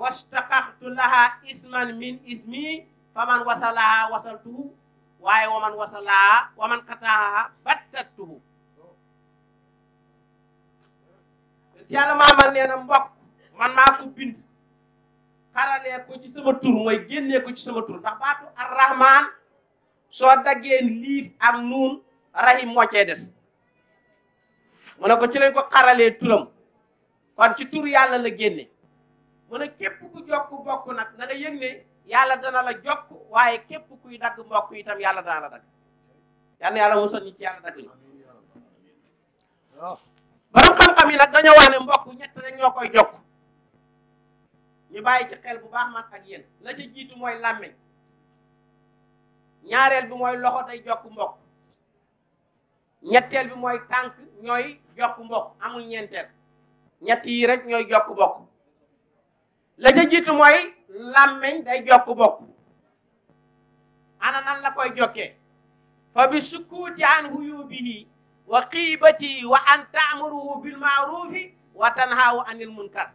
wastaqaxtu laha isman min ismi faman wasalaha wasaltuhu waaye waman wasalaha waman qataha battattuhu yàlla maamal nee na mbokk man maa ko bind xaralee ko ci sama tur mooy génnee ko ci sama tur ndax baatu arrahman soo daggeen liif ak nuun rahim moo cee des mu ko ci lañ ko xaralee turam kon ci tur yàlla la génne mu ne képp ku jokk bokk nag na nga yàlla dana la jokk waaye képp kuy dagg mbokk itam yàlla dana la dagg yal yàlla mosoon ñi ci yàlla dagg ñu borom xam-xam yi nag dañoo wax ne mbokk ñett rek ñoo koy jokk ñu bàyyi ci xel bu baax man ak yéen la ca jiitu mooy làmmiñ ñaareel bi mooy loxo day jokk mbokk ñetteel bi mooy tànk ñooy jokk mbokk amul ñeenteel ñett yi rek ñooy jokk bokk la ca jiitu mooy day jokk bokk ana nan la koy jokkee fa bi sukkuuti an huyubihi wa xiibati wa an taamuruhu bil maarufi wa tanhaawu anil munkar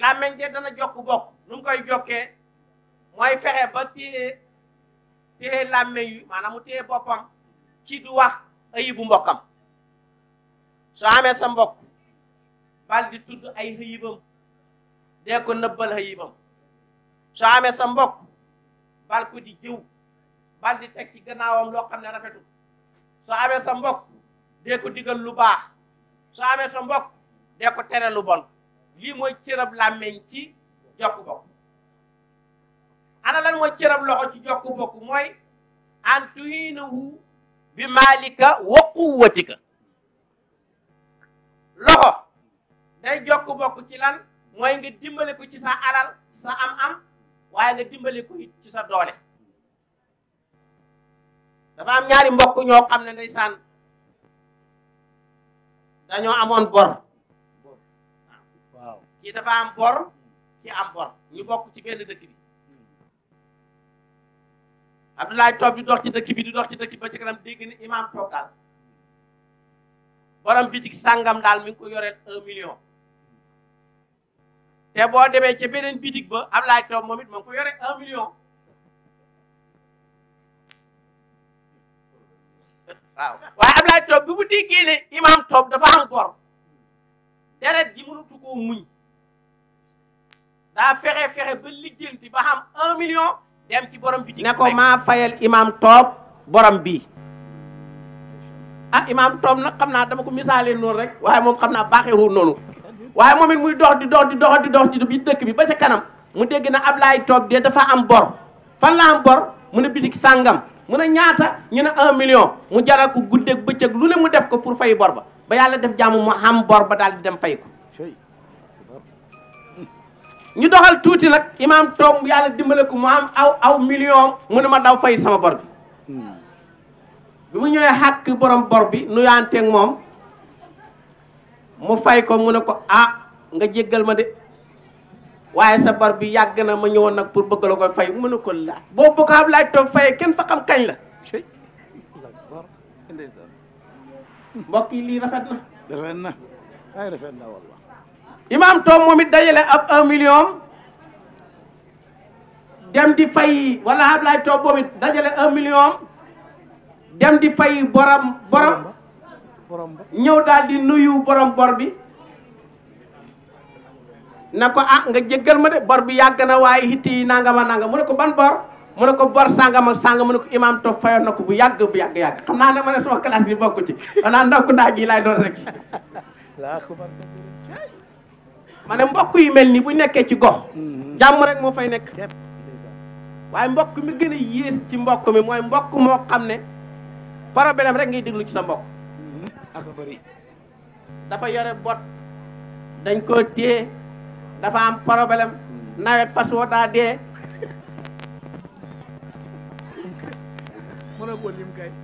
làmmiñ de dana jokk bokk nu koy jokkee moy fexe ba téye téye làmmiñ yu maanaam mu téye boppam ci du wax ayibu mbokkam soo amee sa mbokk bal di tudd ay xëyibam dee ko nëbbal xëyibam soo amee sa mbokk bal ko di jëw bal di teg ci gannaawam loo xam ne rafetul soo sa mbokk dee ko digal lu baax soo amee sa mbokk dee ko tere lu lii mooy cërab làmmeñ ci jokk bokk ana lan mooy cërab loxo ci jokk bokk mooy an tuhiinahu bi maalika wa quwwatika loxo day jokk bokk ci lan mooy nga dimbali ko ci sa alal sa am-am waaye nga dimbale ko ci sa doole dafa am ñaari mbokk ñoo xam ne ndeysaan dañoo amoon bor waaw kii dafa am bor ci am bor ñu bokk ci benn dëkk bi Abdoulaye Toob di dox ci dëkk bi di dox ci dëkk bi ba ci kanam dégg ni imaam toogaal borom bitik sàngam daal mi ko yoree un million te boo demee ca beneen bitik ba Ablaye Top moom it ma ngi ko yoree million waaw waaye Ablaye Top bi mu déggee ne Imaam Top dafa am gor deret ji mënatu koo muñ daa fexe fexe ba lijjanti ba xam un million dem ci borom bitik ne ko maa fayal Imaam Top borom bi ah imaam toom nag xam naa dama ko misaalee noonu rek waaye moom xam naa baaxeewul noonu waaye moom it muy dox di dox di dox di dox di dëkk bi ba ca kanam mu dégg na laay Toog de dafa am bor fan la am bor mu ne bitik sàngam mu ne ñaata ñu ne un million mu jaral ko guddeeg bëccëg lu ne mu def ko pour fay bor ba ba yàlla def jàmm mu am bor ba daal di dem fay ko ñu doxal tuuti nag imaam Toog yàlla dimbale ko mu am aw aw million mu ne ma daw fay sama bor bi mu ñëwee xàkk borom bor bi nuyaanteeg moom mu fay ko mu ne ko ah nga jéggal ma de waaye sa bor bi yàgg na ma ñëwoon nag pour bëgg la ko fay mu ne ko laaj boobu bu ko laaj toog fayee kenn fa xam kañ la mbokk lii rafet na rafet na ay rafet na wallah imaam toog moom it dajale ab un million dem di fay wala xam laaj toog boobu it dajale un million dem di fay borom borom ñëw daal di nuyu borom bor bi na ko ah nga jéggal ma de bor bi yàgg na waaye hitti yi nangama nangam mu ne ko ban bor mu ne ko bor sangam ak sangam mu ne ko imaam toog fayoon na ko bu yàgg bu yàgg yàgg xam naa ne ma ne sama classe bi bokku ci xanaa ndokku ndaa gi laay doon rek <laughs> ma ne mbokk yi mel nii bu nekkee ci gox mm-hmm. jàmm rek moo fay nekk waaye mbokk mi gën a yées ci mbokk mi mooy mbokk moo xam ne problème rek ngay déglu ci sa mbokk ak bëri dafa yore bot dañ koo téye dafa am problème nawet pasoo daa dee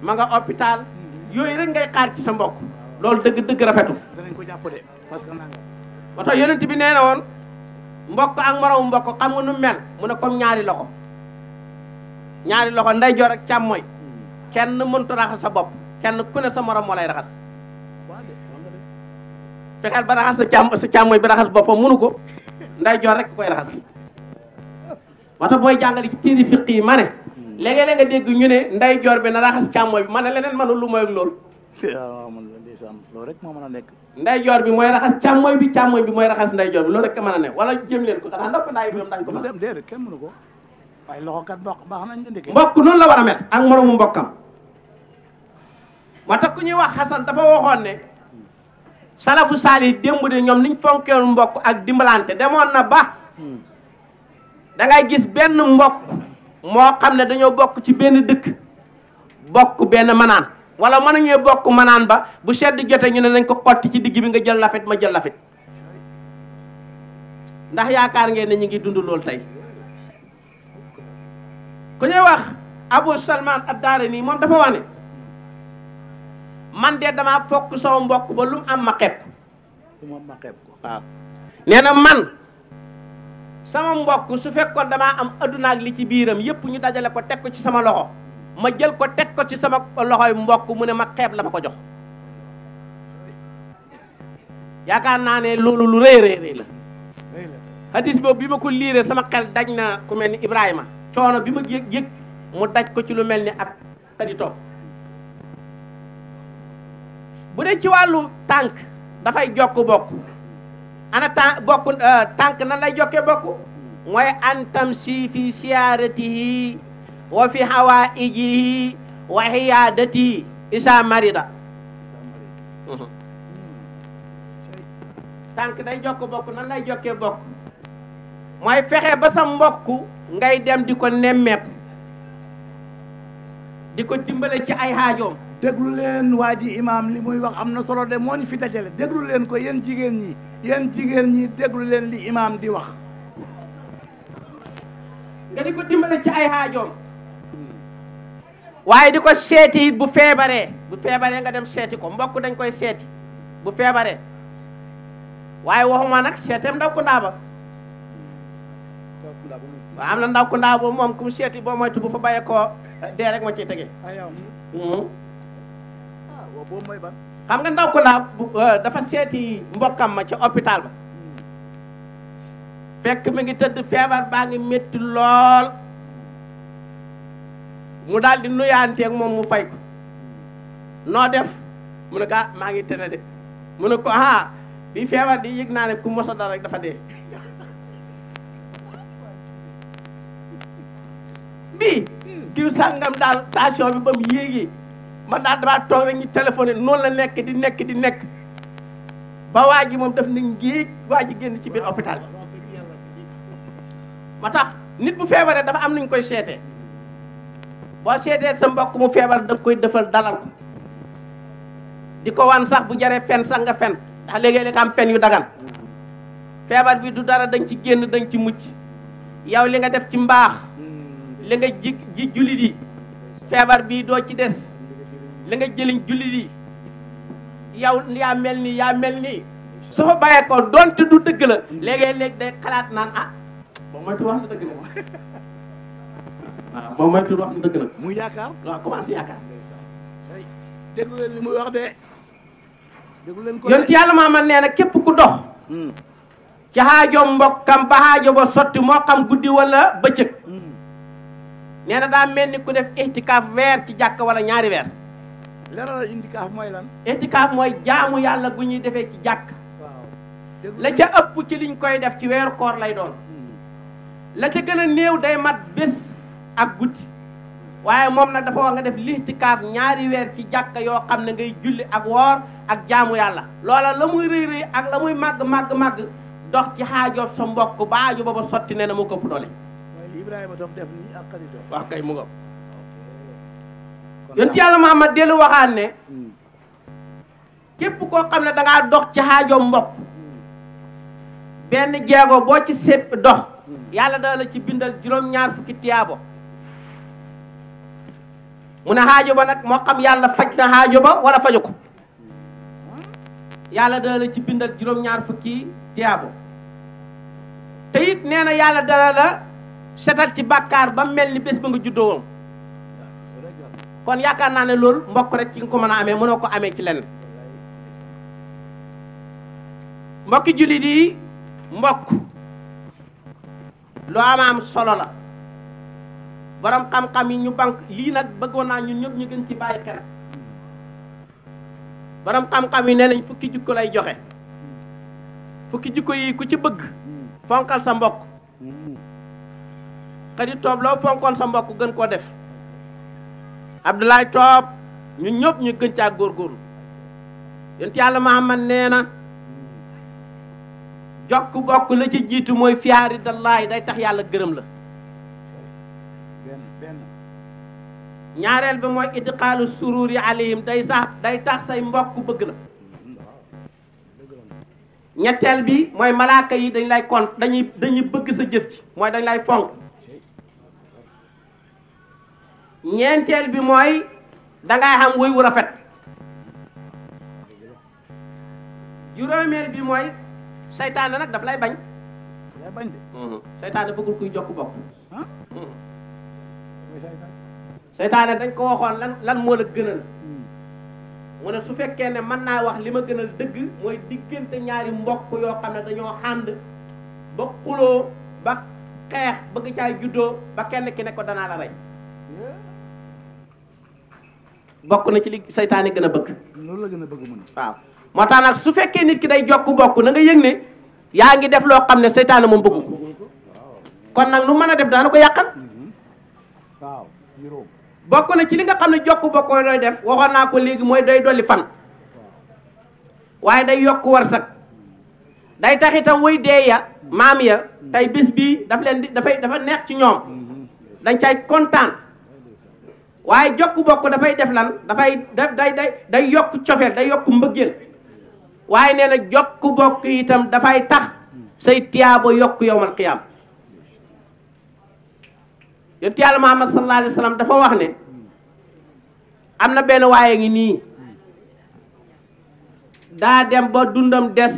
ma nga hôpital yooyu rek ngay xaar ci sa mbokk loolu dëgg dëgg rafetu danañ ko jàppale parce que ba tax yonent bi nee na woon mbokk ak moromu mbokk xam nga nu mel mu ne comme ñaari loxo ñaari loxo ndeyjoor ak càmmooñ kenn mëntu raxas sa bopp kenn ku ne sa morom moo lay raxas fexeel ba raxas sa càmm sa càmmoñ bi raxas boppam mënu ko nday joor rek koy raxas moo tax booy jàngale ci téere fiq yi ma ne léeg-léeg nga dégg ñu ne nday joor bi na raxas càmmoñ bi ma ne leneen mënul lu mooy loolu loolu moo mën a nekk nday joor bi mooy raxas càmmoñ bi càmmoñ bi mooy raxas nday joor bi loolu rek mën a nekk wala jëm leen ko xanaa ndopp nday bi moom dañ ko mën dem déedéet kenn mënu ko waaye loxo kat mbokk baax nañ de ndeke mbokk noonu la war a mel ak moromu mbokkam moo tax ku ñuy wax xasan dafa waxoon ne salafu saali démb de ñoom niñ fonkeel mbokk ak dimbalante demoon na ba da gis benn mbokk moo xam ne dañoo bokk ci benn dëkk bokk benn manaan wala mënuñoo bokk manaan ba bu sedd jotee ñu ne nañ ko xotti ci digg bi nga jël lafet ma jël lafet ndax yaakaar ngeen ne ñu ngi dund loolu tey ku ñuy wax Abu Salman ad nii moom dafa wax ne man de damaa fokk sama mbokk ba lu mu am ma xeeb nee na man sama mbokk su fekkoon damaa am adduna li ci biiram yépp ñu dajale ko teg ko ci sama loxo ma jël ko teg ko ci sama loxoy mbokk mu ne ma xeeb la ma ko jox yaakaar naa ne loolu lu rëy rëy rëy la hadis boobu bi ma ko liiree sama xel dañ na ku mel ni Ibrahima coono bi ma yëg yëg mu daj ko ci lu mel ni ak tadi bu dee ci wàllu tànk dafay jokk bokk ana tànk bokk euh, tànk nan lay jokkee bokk mooy an tamsi fi siyaaratihi wa fi hawaijihi wa xiyaadatihi isa marida mhm. tànk day jokk bokk na lay jokkee bokk mooy fexe ba sa mbokk ngay dem di ko nemmeem di ko dimbale ci ay xaajoom déglu leen waa ji imaam li muy wax am na solo de moo ñu fi dajale déglu leen ko yéen jigéen ñi yéen jigéen ñi déglu leen li imaam di wax nga di ko dimbale ci ay xaajoom waaye di ko seeti bu feebaree bu feebaree nga dem seeti ko mbokk dañ koy seeti bu feebaree waaye waxuma nag seeteem ndaw ku ndaaba waaw am na ndaw ku ndaw boobu moom ku mu seeti boo moytu bu fa bàyyee ko dee rek moo ciy tege ah, hmm. ah, xam nga ndaw ku ndaw euh, dafa seeti mbokkam ma ci hôpital ba fekk mi ngi tëdd feebar baa ngi metti lool mu daal di nuyaanteeg moom mu fay ko noo def mu ne ko ah, maa ngi tene de mu ne ko ah bi feebar di yëg naa ne ku mosa dal rek dafa dee bii diw sàngam daal station bi ba mu yéegi man daal damaa toog rek ñu téléphoné noonu la nekk di nekk di nekk ba waa ji moom def na ngéej waa ji génn ci biir hôpital ma tax nit bu feebaree dafa am nañ koy seetee boo seetee sa mbokk mu feebar daf koy defal dalal ko di ko wan sax bu jaree fen sax nga fen ndax léegi-léeg am fen yu dagan feebar bi du dara dañ ci génn dañ ci mucc yow li nga def ci mbaax li nga ji jullit yi feebar bii doo ci des li nga jëliñ jullit yi yow yaa mel nii yaa mel nii su fa bàyyee ko du dëgg la léegi-léeg day xalaat naan ah boo yàlla maa man nee na képp ku dox hmm. ci xaajo mbokkam ba xaajo ba sotti moo xam guddi wala bëccëg nee na daa mel ni ku def ihtikaaf weer ci jàkk wala ñaari weer. leeral ihtikaaf mooy lan. ihtikaaf mooy jaamu yàlla gu ñuy defee ci jàkk. la ca ëpp ci liñ koy def ci weeru koor lay doon. Hmm. la ca gën a néew day mat bés ak guddi. waaye moom nag dafa wax nga def lihtikaaf ñaari weer ci jàkka yoo xam ne ngay julli ak woor ak jaamu yàlla loola la muy rëy rëy ak la muy màgg màgg màgg dox ci xaajoof sa mbokk baaju ba ba sotti ne na mu këpp doole Ibrahima doon def nii ak xaritam. mu ngoog. yonent yàlla Muhammad dellu waxaat ne. Hmm. képp koo xam ne da dox ci xaajo mbokk. Hmm. benn jeego boo ci sépp dox. Hmm. yàlla dana la ci bindal juróom-ñaar fukki tiyaabo. mu ne xaajo ba nag moo xam yàlla faj na xaajo ba wala faju ko. yàlla dana la ci bindal juróom-ñaar fukki tiyaabo. te it nee yàlla dana la. setal ci bàkkaar ba mel ni bés ba nga juddoo kon yaakaar naa ne loolu mbokk rek ci nga ko mën a amee mënoo ko amee ci lenn mbokki jullit yi mbokk lu am am solo la borom xam-xam yi ñu bank lii nag bëggoon naa ñu ñëpp ñu gën ci bàyyi xel borom xam-xam yi nee nañ fukki jikko lay joxe fukki jikko yi ku ci bëgg fonkal sa mbokk xëy toob loo fonkoon sa mbokk gën koo def Abdoulaye Toob ñun ñëpp ñu gën caa góorgóorlu yonent yàlla Muhammad nee na jokk bokk la ci jiitu mooy fiyaari dallaahi day tax yàlla gërëm la ñaareel bi mooy idqaalu sururi alayhim day sax day tax say mbokk bëgg la ñetteel bi mooy malaaka yi dañ lay kon dañuy bëgg sa jëf ci mooy dañ lay fonk ñeenteel bi mooy dangay xam wuy wu rafet juróomeel bi mooy seytaane nag daf lay bañ lay bañ de seytaane bëggul kuy jokk bokk seytaane dañ ko waxoon lan lan moo la gënal hmm. mu ne su fekkee ne mën naa wax li ma gënal dëgg mooy diggante ñaari mbokk yoo xam ne dañoo xànd ba xuloo ba xeex bëgg caay juddoo ba kenn ki ne ko danaa la rey bokk na ci li seytaane gën a bëgg. loolu la gën a bëgg mën waaw moo tax nag su fekkee nit ki day jokk bokk na nga yëg ne yaa ngi def loo xam ne saytaane moom bëggu ko kon nag lu mën a def daana ko yàqal. Mm-hmm. waaw bokk na ci li nga xam ne jokk bokkoo doy def waxoon naa ko léegi mooy day dolli fan waaye day yokk war warsak day taxitam itam way dee ya maam ya mm-hmm. tey bés bii daf leen di dafay dafa neex ci ñoom mm-hmm. dañ cay kontaan. waaye jokk bokk dafay def lan dafay daf day day yokk cofeel day yokk mbëggeel waaye nee na jokk bokk itam dafay tax say tiyaabo yokk yowmal qiyaam yonent yàlla Muhammad dafa wax ne am na benn waaye ngi nii daa dem ba dundam des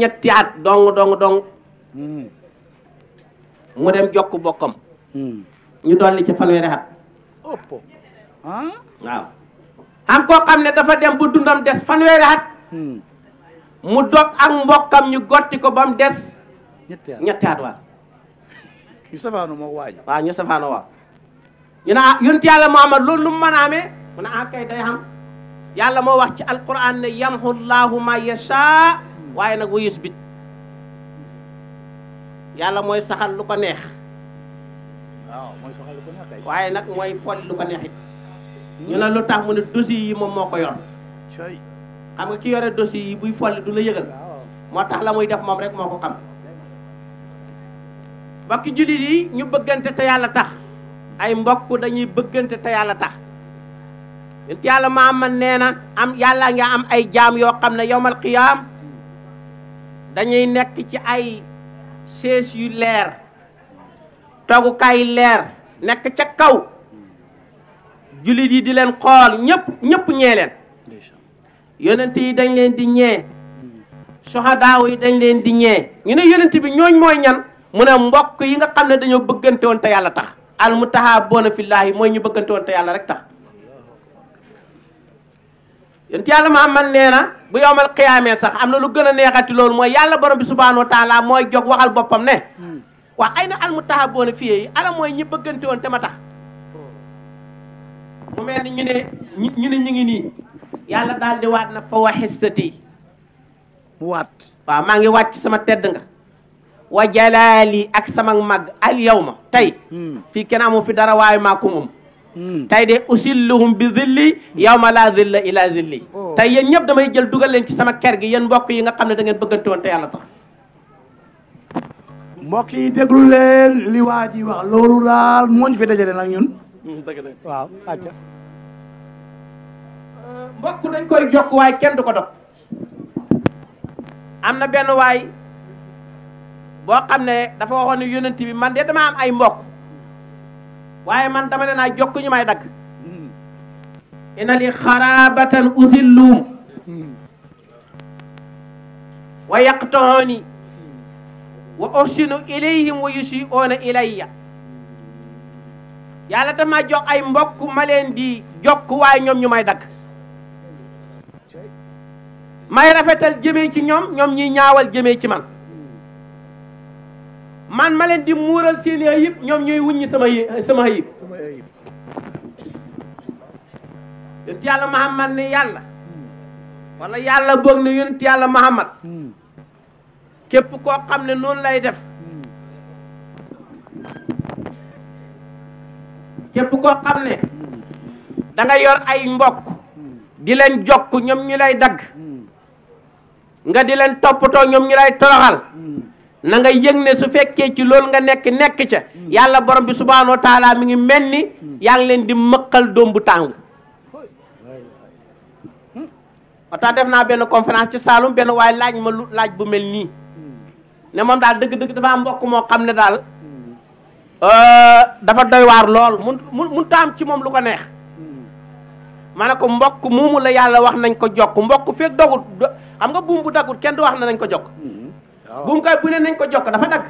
ñetti at dong dong dong mm. mu dem jokk bokkam mm. ñu dolli ci fanweeri at ëpp ah waaw am koo xam ne dafa dem bu dundam des fanweeri at hmm. mu dog ak mbokkam ñu gotti ko bam des ñetti at waaw ñu safaano moo waaj waaw ñu safaano waaw ñu ne ah yonent yàlla Muhammad loolu lu mu mën a mu ne ah kay day xam yàlla moo wax ci alquran ne yamhu llaahu ma yasha waaye nag wa yusbit yàlla mooy saxal lu ko neex waaye nag mooy fol lu ko neexit ñu ne lu tax mu ne dossier yi moom moo ko yoon xam nga ki yore dossier yi buy folli du la yëgal moo tax la muy def moom rek moo ko xam mbokki jullit yi ñu bëggante te yàlla tax ay mbokk dañuy bëggante te yàlla tax yent yàlla ma am nee na am yàlla nga am ay jaam yoo xam ne yowmal qiyaam dañuy nekk ci ay chaise yu leer toogukaay leer nekk ca kaw jullit yi di leen xool ñëpp ñëpp ñee leen yonent yi dañ leen di ñee soxadaaw yi dañ leen di ñee ñu ne yonent bi ñooñ mooy ñan mu ne mbokk yi nga xam ne dañoo bëggante woon te yàlla tax al mutahaabboona fillaahi mooy ñu bëggante woon te yàlla rek tax yonent yàlla Muhammad nee na bu yowmal xiyaamee sax am na lu gën a neexati loolu mooy yàlla borom bi subhaanahu wa mooy jóg waxal boppam ne waaw ay na almu taxaboona fiyee yi ala mooy ñi bëggante woon te ma tax mu mel ni ñu ne ñu ne ñu ngi nii yàlla daal di waat na fa waxisati mu waat waaw maa ngi waat ci sama tedd nga wa jalaali ak sama mag al yawma tey hmm. fii kena amu fi dara waaye maa ko moom hmm. tey de usilluhum bi zilli yawma laa zilla ila zilli oh. tey yéen ñëpp damay jël dugal leen ci sama ker gi yéen mbokk yi nga xam ne da bëggante woon te yàlla tax mbokk yi déglu leen li waa wax loolu daal moo ñu fi dajale nag ñun. Mm, waaw acca euh, mbokk dañ koy jokk waaye kenn du ko dog am na benn waay boo xam ne dafa waxoon ne yonent man de dama am ay mbokk waaye man dama leen a jokk ñu may dagg mm. ina li xarabatan usilluum mm. wa yaqtooni wa ursinu ilayhim wa yusiuuna ilayya yàlla dama jox ay mbokk ma leen di jokk waaye ñoom ñu may dagg may rafetal jëmee ci ñoom ñoom ñuy ñaawal jëmee ci man man ma leen di muural seen ayib ñoom ñuy wuññi sama sama ayib yonent yàlla Muhammad ne yàlla wala yàlla boog ne yonent yàlla Muhammad hmm. képp koo xam ne noonu lay def képp koo xam ne da yor ay mbokk di leen jokk ñoom ñu lay dagg nga di leen toppatoo ñoom ñu lay toroxal na nga yëg ne su fekkee ci loolu nga nekk nekk ca yàlla borom bi subhaanahu wa taala mi ngi mel ni yaa leen di mëqal doom bu tàng moo tax def naa benn conférence ci Saloum benn waaye laaj ma lu laaj bu mel nii ne moom daal dëgg-dëgg dafa am mbokk moo xam ne daal hmm. euh, dafa doy waar lool mun mun taam ci moom lu ko neex hmm. ma ne ko mbokk moomu la yàlla wax nañ ko jokk mbokk feeg dogut xam nga buum bu dagut kenn du wax na nañ ko jokk hmm. buum kay bu ne nañ ko jokk dafa dagg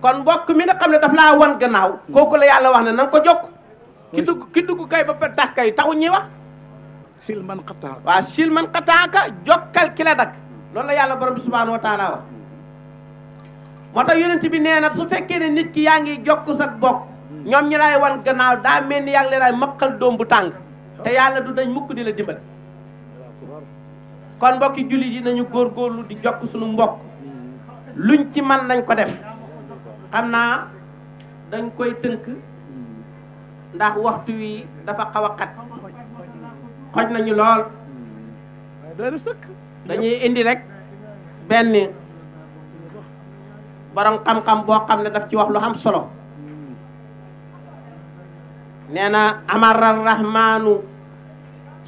kon mbokk mi nga xam ne daf laa wan gannaaw kooku la yàlla wax na nga ko jokk ki dugg ki dugg kay ba tax kay taxu ñuy wax silman xataaka waaw silman xataaka jokkal ki la loolu la yàlla borom bi subhanahu moo tax yonent bi nee na su fekkee ne nit ki yaa ngiy jokk sa bokk ñoom ñi lay wan gannaaw daa mel ni yaa ngi leen mëqal doom bu tàng te yàlla du dañ mukk di la dimbal kon mbokki jullit yi nañu góorlu di jokk suñu mbokk luñ ci man nañ ko def xam naa dañ koy tënk ndax waxtu wi dafa xaw a xat xoj nañu lool dañuy indi rek benn borom xam-xam boo xam ne daf ci wax lu am solo nee na amara rahmanu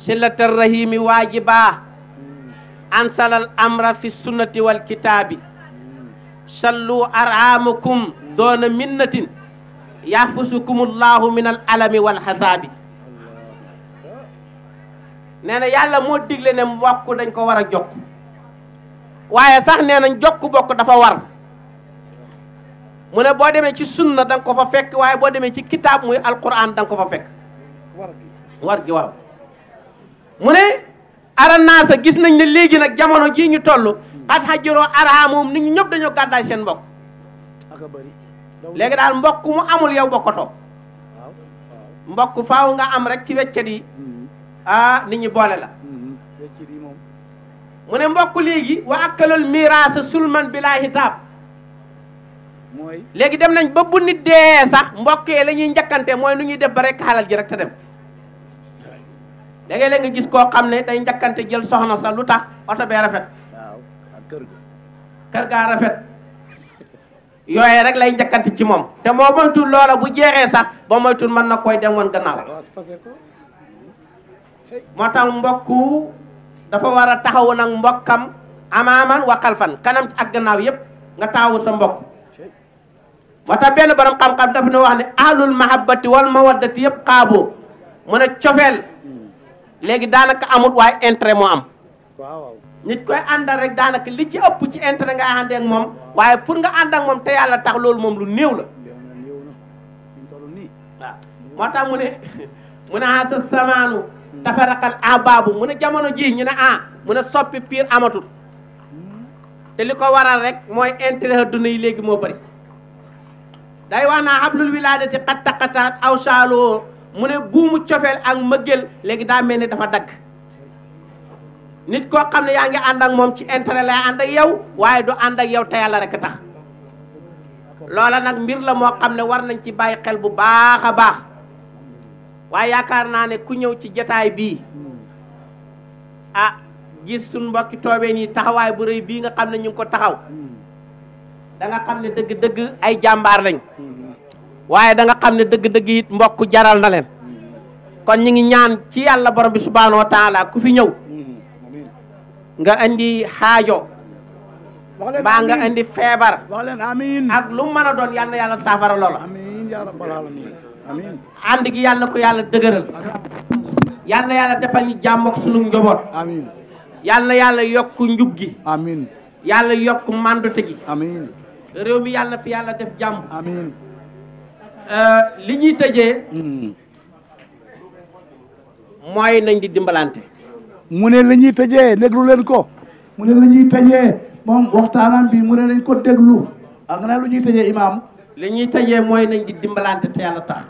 silata rahimi waajiba ansalal amra fi sunnati wal kitaabi sallu arhamakum doona minnatin yahfusukumullahu min alami wal hasaabi nee na yàlla moo digle ne mbokk dañ ko war a jokk waaye sax nee na jokk bokk dafa war mu ne boo demee ci sunna da nga ko fa fekk waaye boo demee ci kitaab muy alquran da ko fa fekk war gi waaw mu ne aranaasa gis nañ ne léegi nag jamono jii ñu toll xat xajjiroo araamum nit ñi ñëpp dañoo gàddaay seen mbokk léegi daal mbokk mu amul yow bokkatoo mbokk faaw nga am rek ci weccet yi mm-hmm. ah nit ñi boole la mm-hmm. mu ne mbokk léegi wa akkalul miraasa sulman bilaa hitaab léegi dem nañ ba bu nit dee sax mbokk yi la ñuy njëkkante mooy nu ñuy def ba rek xaalal ji rek te dem da ngay léegi nga gis koo xam ne day njëkkante jël soxna sax lu tax oto bee rafet kër gaa rafet yooye rek lay njëkkante ci moom te moo moytul loola bu jeexee sax ba moytul mën na koy dem woon gannaaw moo tax mbokku dafa war a taxawu nag mbokkam amaaman wa xalfan kanam ak gannaaw yépp nga taxawu sa mbokk moo tax benn borom xam-xam dafa nu wax ne ahlul mahabbati wal mawaddati yëpp xaaboo mu ne cofeel léegi daanaka amut waaye intérêt moo am nit koy àndal rek daanaka li ci ëpp ci intérêt nga àndee moom waaye pour nga ànd ak moom te yàlla tax loolu moom lu néew la moo tax mu ne <laughs> mu ne ah sa samaanu tafaraqal abaabu mu ne jamono ji ñu ne ah mu ne soppi piir amatul te li ko waral rek mooy intérêt adduna yi léegi moo bëri day wax naa hablul wilaadati xat taqataat aw saaloo mu ne buumu cofeel ak mbëggeel léegi daa mel ni dafa dagg nit koo xam ne yaa ngi ànd ak moom ci intérêt lay ànd ak yow waaye du ànd ak yow te yàlla rek tax loola nag mbir la moo xam ne war nañ ci bàyyi xel bu baax a baax waaye yaakaar naa ne ku ñëw ci jataay bii a ah gis sunu mbokki toobeen yi taxawaay bu rëy bii nga xam ne ñu ngi ko taxaw da nga xam ne dëgg-dëgg ay jàmbaar lañ waaye da xam ne dëgg-dëgg mbokk jaral na leen kon ñu ngi ñaan ci yàlla borom bi subhaanahu wa taala ku fi ñëw nga indi xaajo mbaa nga indi feebar ak lu mën a doon yal na yàlla saafara loola ànd gi yal ko yàlla dëgëral yal na yàlla defal ñu jàmm ak sunu njaboot yal yàlla yokk njub gi yàlla yokk mandute gi réew mi yàlla fi yàlla def jàmm. amiin euh, li ñuy tëjee. Hmm. mooy nañ di dimbalante. mu ne la ñuy tëjee déglu leen ko. mu ne la ñuy tëjee moom waxtaanam bi mu ne ko déglu. ak na lu ñuy tëjee imaam. li ñuy tëjee mooy nañ di dimbalante te yàlla tax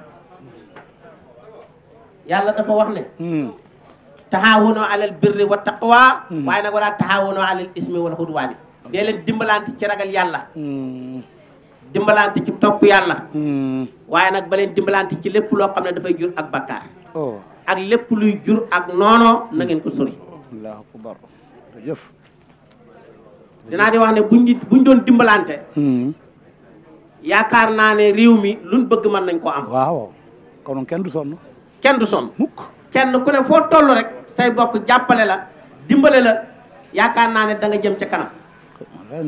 yàlla dafa wax ne. Hmm. taxaawunoo alal birri wa taqwa. Hmm. waaye nag wala taxaawunoo alal ismi wal xudwaani dee leen dimbalante ci ragal yàlla hmm. dimbalante ci topp yàlla hmm. waaye nag ba leen dimbalante ci lépp loo xam ne dafay jur ak bakkaar oh. ak lépp luy jur ak noonoo na ngeen ko sori allahu di wax ne buñ di buñ doon dimbalante hmm. yaakaar naa ne réew mi luñ bëgg mën nañ ko am waaw kon kenn du sonn kenn du sonn mukk kenn ku ne foo toll rek say bokk jàppale la dimbale la yaakaar naa ne danga jëm ca kanam Eh,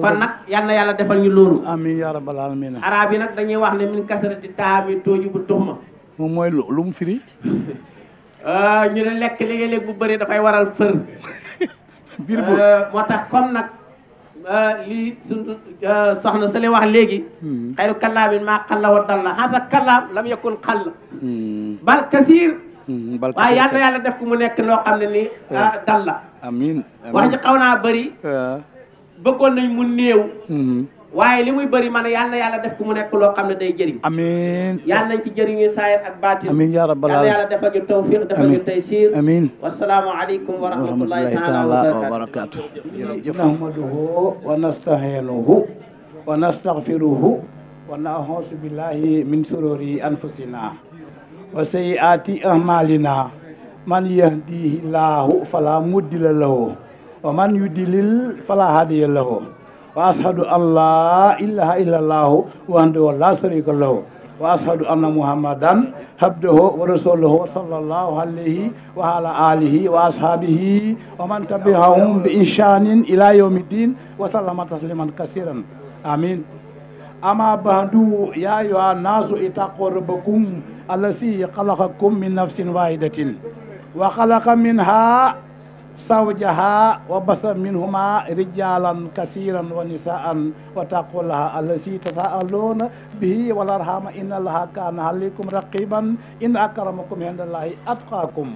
kon nag yal na yàlla defal ñu loolu amin yaa rabbal alamin yi nag dañuy wax ne min kasarati taami tooju bu tux ma moom mooy lu mu firi <laughs> ah, ñu ne lekk léeg-léeg bu bëri dafay waral fër <laughs> biir bu ah, moo tax comme nag ah, lii suñu soxna sa li wax léegi hmm. xayru kalaamin maa xalla wa dalla xasa kalaam lam yakun xall hmm. bal kasiir hmm, waaye yal yàlla def ko mu nekk loo xam ne ni dal amin wax ji xaw naa bëggoon nañ mu néew mm-hmm. waaye li muy bëri man yal na yàlla def ku mu nekk loo xam ne day jëriñ amiin yal nañ ci jëriñu saayir ak baatin amiin yaa rabbal aalamiin yàlla defal ñu tawfiq defal ñu taysiir amiin wasalaamu aleykum wa rahmatullahi taala wa barakaatu jërëjëf nahmaduhu wa nastahinuhu wa nastaghfiruhu wa na'uuzu billahi min sururi anfusina wa sayyi'aati a'maalina man yahdihi llahu fala mudilla lahu ومن يدلل فلا هادي له وأشهد أن لا إله إلا الله وحده لا شريك له وأشهد أن محمدا عبده ورسوله صلى الله عليه وعلى آله وأصحابه ومن تبعهم بإحسان إلى يوم الدين وسلم تسليما كثيرا آمين أما بعد يا أيها الناس اتقوا ربكم الذي خلقكم من نفس واحدة وخلق منها zawjaha wa basa minhuma rijalan kasiran wa nisaan wa taqullaha allati tasaaluna bihi wal arhama inna in akramakum indallahi atqakum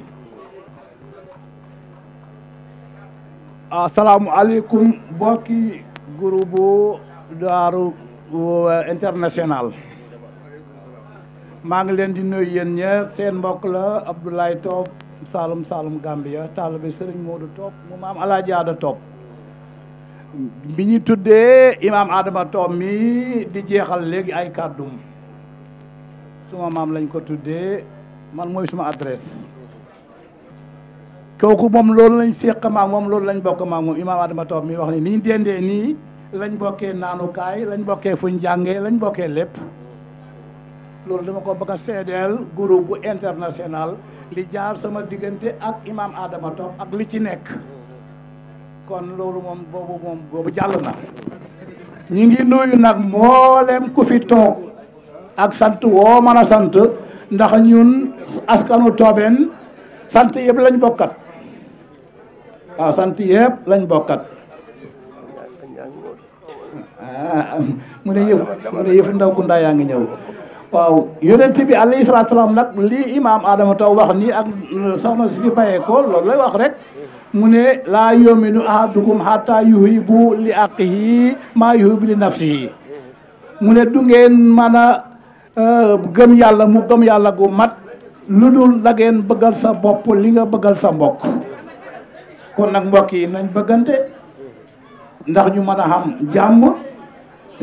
assalamu alaykum mbokki groupe Daaru euh, International maa ngi leen di nuyu yéen ñëpp seen mbokk la Abdoulaye Saalum Saalum Gambia taalibe sëriñ Modou Top mu maam Alaaji Aada Top bi ñu tuddee imaam Adama Top mi di jeexal léegi ay kàddum suma maam lañ ko tuddee man mooy suma adresse kooku moom loolu lañ séq maam moom loolu lañ bokk maam moom imaam Adama Top mi wax ni niñ dendee nii lañ bokkee naanukaay lañ bokkee fuñ jàngee lañ bokkee lépp loolu dama ko bëgg a seedeel groupe international li jaar sama diggante ak imaam Adama toog ak li ci nekk kon loolu moom boobu moom boobu jàll na ñi ngi nuyu nag mboolem ku fi toog ak sant woo mën a sant ndax ñun askanu toobeen sant yëpp lañ bokkat waaw sant yëpp lañ bokkat ah, ah, mu ne yëf mu ne yëf ndaw ku yaa ngi ñëw waaw yonent bi alayhi salaatu salaam nag lii imaam Adama Taw wax nii ak soxna si fi bayee ko loolu lay wax rek mu ne laa yominu ahadukum hatta yuhibu li aqihi maa yuhibu li nafsihi mu ne du ngeen mën a euh, gëm yàlla mu gëm yàlla gu mat lu dul da ngeen bëggal sa bopp li nga bëggal sa mbok kon nag mbokk yi nañ bëggante ndax ñu mën a xam jàmm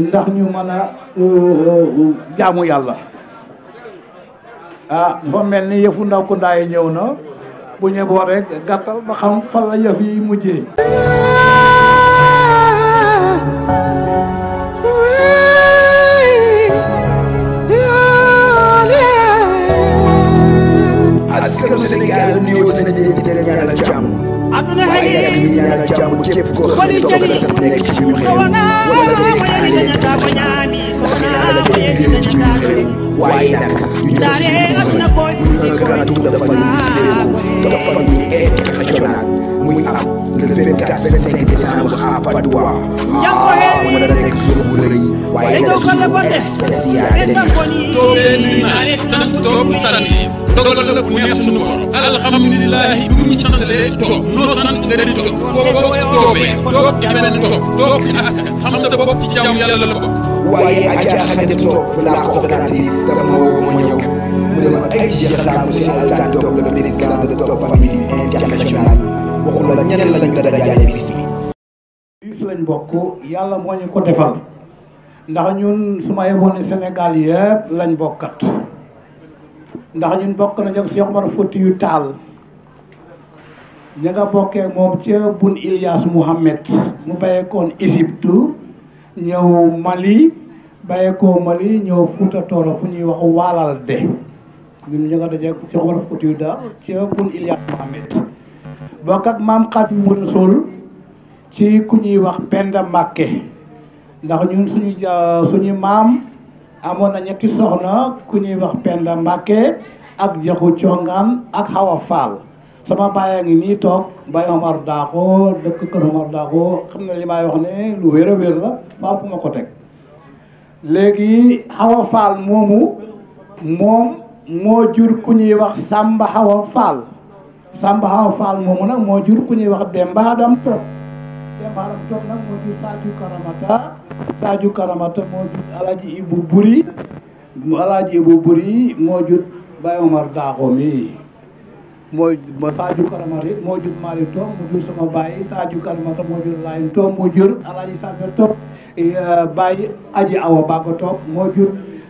ndax ñu mën a uh, jaamu yàlla a ah, dafa mel ni yëfu ndaw ku ndaay ñëw na bu ñëboo rek gàttal ba xam fan la yëf yi mujjee askanu Sénégal nuyoo nañu di waaye nag ñu ñaanal jàmm képp koo toog na sax nekk ci suñu réew wala nga nekk à l'étranger ndax yàlla def ñu réew ci suñu waaye nag ñu ñëw ci suñu réew muy un grand tour de famille vidéo de famille muy am le 24 25 décembre à Patte d'Oie. ah mu nekk jour bu rëy waaye yàlla suñu spécialité bi. toobee nuyu naa sant toobu tànnéef. dogal la bu neex suñu borom. alhamdulilahi bi mu ñu santalee toog. noo sant nga di toog. foo bokk toobee. toog di beneen toog. toog di askan. xam sa bopp ci jàmm yàlla la bokk. waaye Adja Khadi Top la coordinatrice dafa woo ma ñëw mu ne ma ay jeexalaat monsieur Alassane Top le président de Top famille internationale waxul la ñeneen lañ ko dajale bis lañ bokk yàlla moo ñu ko defal ndax ñun su ma yeboon ni Sénégal yëpp lañ bokkat ndax ñun bokk nañu ak Cheikh Omar yu taal ña nga bokkee moom ca Boun Ilias Mouhamed mu bàyyeekoon Égypte ñëw Mali bàyyeekoo Mali ñëw Fouta Tooro fu ñuy wax Waalalde ñun ña nga daje Cheikh Omar Fouti yu daal ca Boun Ilias Mouhamed bokk ak maam Xaadimu Rasuul ci ku ñuy wax Penda Mbàkke ndax ñun suñu suñu maam amoon na ñetti soxna ku ñuy wax Penda Mbàkke ak Jaxu Congaan ak Xawa Faal sama baay a ngi nii toog Baay Omar Daaxo dëkk kër Omar Daaxo xam na li ne lu wér a wér la faa ma ko teg léegi Xawa Faal moomu moom moo jur ku ñuy wax Sàmba Xawa Faal Samba Awa Fall moomu nag moo jur ku ñuy wax Demba Adam Top Demba Adam Top nag moo jur Sadio Karamata Sadio Karamata moo jur Alaaji Ibu Buri moo jur Baye Omar Daaxo mi moo Karamata moo jur Mari Top moo jur sama baay Sadio Karamata moo jur Laay Top moo jur Alaaji Sadio Top eh, baay Aji Awa Bago Top moo jur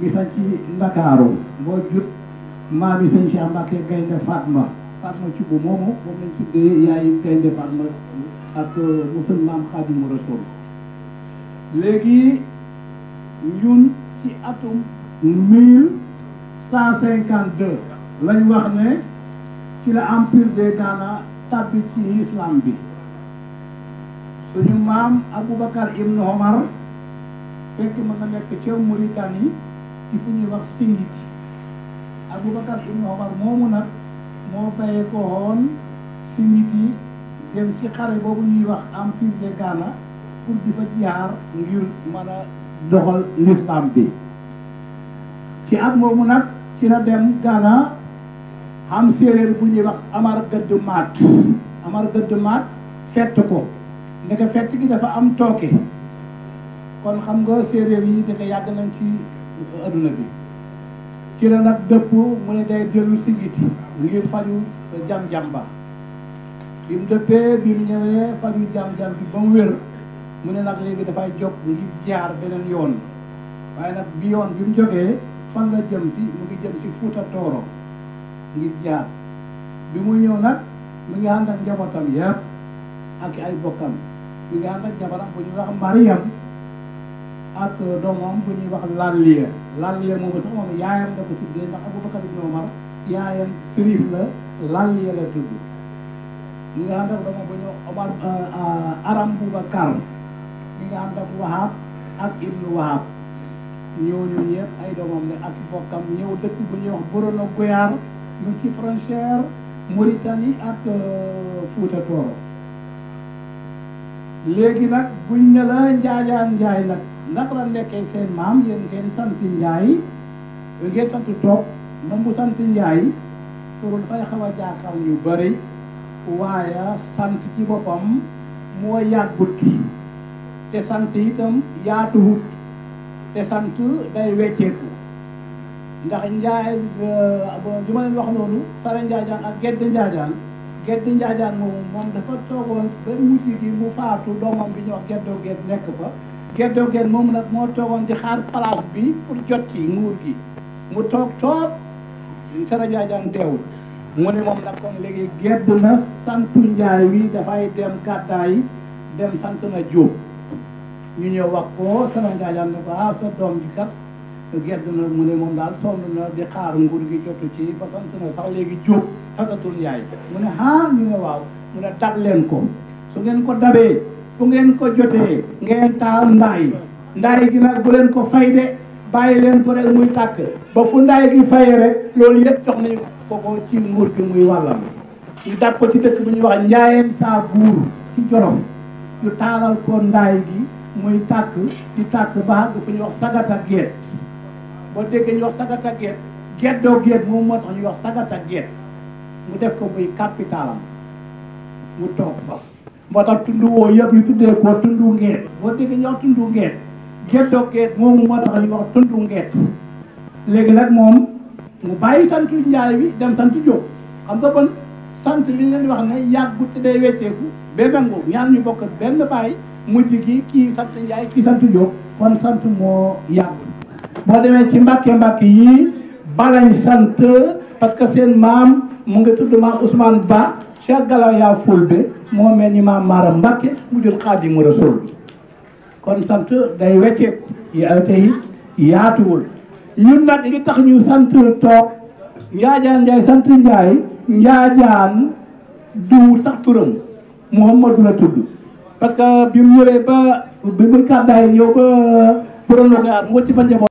bi sax ci Ndakaaru boo jut maa bi sëñ Cheikh Mbacke gaynde Fatma ci bu moomu moom lañ tuddee yaayu gaynde Fatma ak euh, musulmaan Xaadimu Rasuul léegi ñun ci atum mille cent cinquante deux wax ne ci la empire des Ghana tàbbi ci islam bi suñu maam Aboubacar Ibn Omar fekk mën na nekk ca Mauritanie ci fu ñuy wax singit Aboubacar ibnu Omar moomu nag moo bàyyee ko woon singit dem ci xare boobu ñuy wax am de Ghana pour di fa jaar ngir mën a doxal l'islam bi ci at moomu nag ci la dem Ghana am séeréer bu ñuy wax amar gëdd maat amar gëdd maat fett ko ndeke fett gi dafa am tooke kon xam nga séeréer yi dafa yàgg nañ ci adduna bi ci la nag mu ne day dellu si ngiti ngir faju jam-jam ba bi mu dëppee bi mu ñëwee faju jam-jam bi ba mu wér mu ne nag léegi dafay jóg ngir jaar beneen yoon waaye nag bi yoon bi mu jógee fan la jëm si mu ngi jëm si Fuuta Tooro ngir jaar bi muy ñëw nag mu ngi ànd ak njabootam ak ay bokkam mu ngi ànd ak bu ñu wax Mariam ak doomam bu ñuy wax Lanlier Lanlier moomu sax moom yaayam da ko tuddee ndax Aboubacar ibn Omar yaayam sërif la yi la tudd ñi nga xam ndax doomam bu ñuy wax Omar euh, Aram Boubacar nga xam ndax Wahab ak Ibnu Wahab ñooñu ñëpp ay doomam ne ak bokkam ñëw dëkk bu ñuy wax Borono Goyaar ñu ci frontière Mauritanie ak euh, Fouta Tooro léegi nag buñ ne njaajaan njaay nag naka la nekkee seen maam yéen ngeen sant Njaay ngeen sant toog nangu sant Njaay pour dafay xaw a jaaxal ñu bëri waaye sant ci boppam moo yàggut te sant itam yaatuwut te sant day wecceeku ndax Njaay euh, li ma leen wax loolu Sare Njaajaan ak Gedd Njaajaan Gedd Njaajaan moom moom dafa toogoon ba mujj gi mu faatu doomam bi ñuy wax Geddoo Gedd nekk fa geddoo gen moom nag moo toogoon di xaar place bi pour jot ci nguur gi mu toog toog Sëriñ Jaajaan mu ne moom nag kon léegi gedd na sant njaay wi dafay dem gàddaay dem sant na Jóob ñu ñëw wax ko Sëriñ Jaajaan ne ko ah sa doom ji gedd na mu ne moom daal sonn na di xaar nguur gi jotu ci ba sant na sax léegi Jóob santatul njaay mu ne ah ñu ne waaw mu ne dab leen ko su ngeen ko dabee fu ngeen ko jotee ngeen taal ndaay ndaay gi nag bu leen ko fay de bàyyi leen ko rek muy tàkk ba fu ndaay gi fayee rek loolu yëpp jox nañu ko ko ci nguur gi muy wàllam ñu dàpp ci dëkk bu ñuy wax njaayeen saa buur ci jorom ñu taalal ko ndaay gi muy tàkk di tàkk ba àgg fu ñuy wax sagata geet boo déggee ñu wax sagata geet geet doo geet moom moo tax ñuy wax sagata geet mu def ko muy capitalam mu toog moo tax tund woo yëpp ñu tuddee ko tundu ngeet boo déggee ñu wax tundu ngeet géddoo geet moomu moo tax ñu wax tundu ngeet léegi nag moom mu bàyyi sant njaay bi dem sant jóg xam nga bon sant li leen wax ne yàggu te day wecceeku ba bengo ñaar ñu bokk benn bàyyi mujj gi kii sant njaay kii sant jóg kon sant moo yàggu boo demee ci mbàkke mbàkke yi balañ sant parce que seen maam mu ngi tudd maam Ousmane Ba Cheikh Galaya Fulbe moo mel ni maam Maram Mbacke mu jur Xaadimu Rasul kon sant day wecceeku yaa tey yaatuwul ñun nag li tax ñu sant toog Njaajaan Njaay sant Njaay Njaajaan du sax turam Muhammadu la tudd parce que bi mu ñëwee ba bi mu kàddaay ñëw ba borom la ko aar mu wëcc fa njaboot.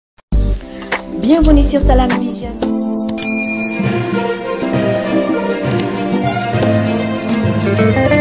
thank you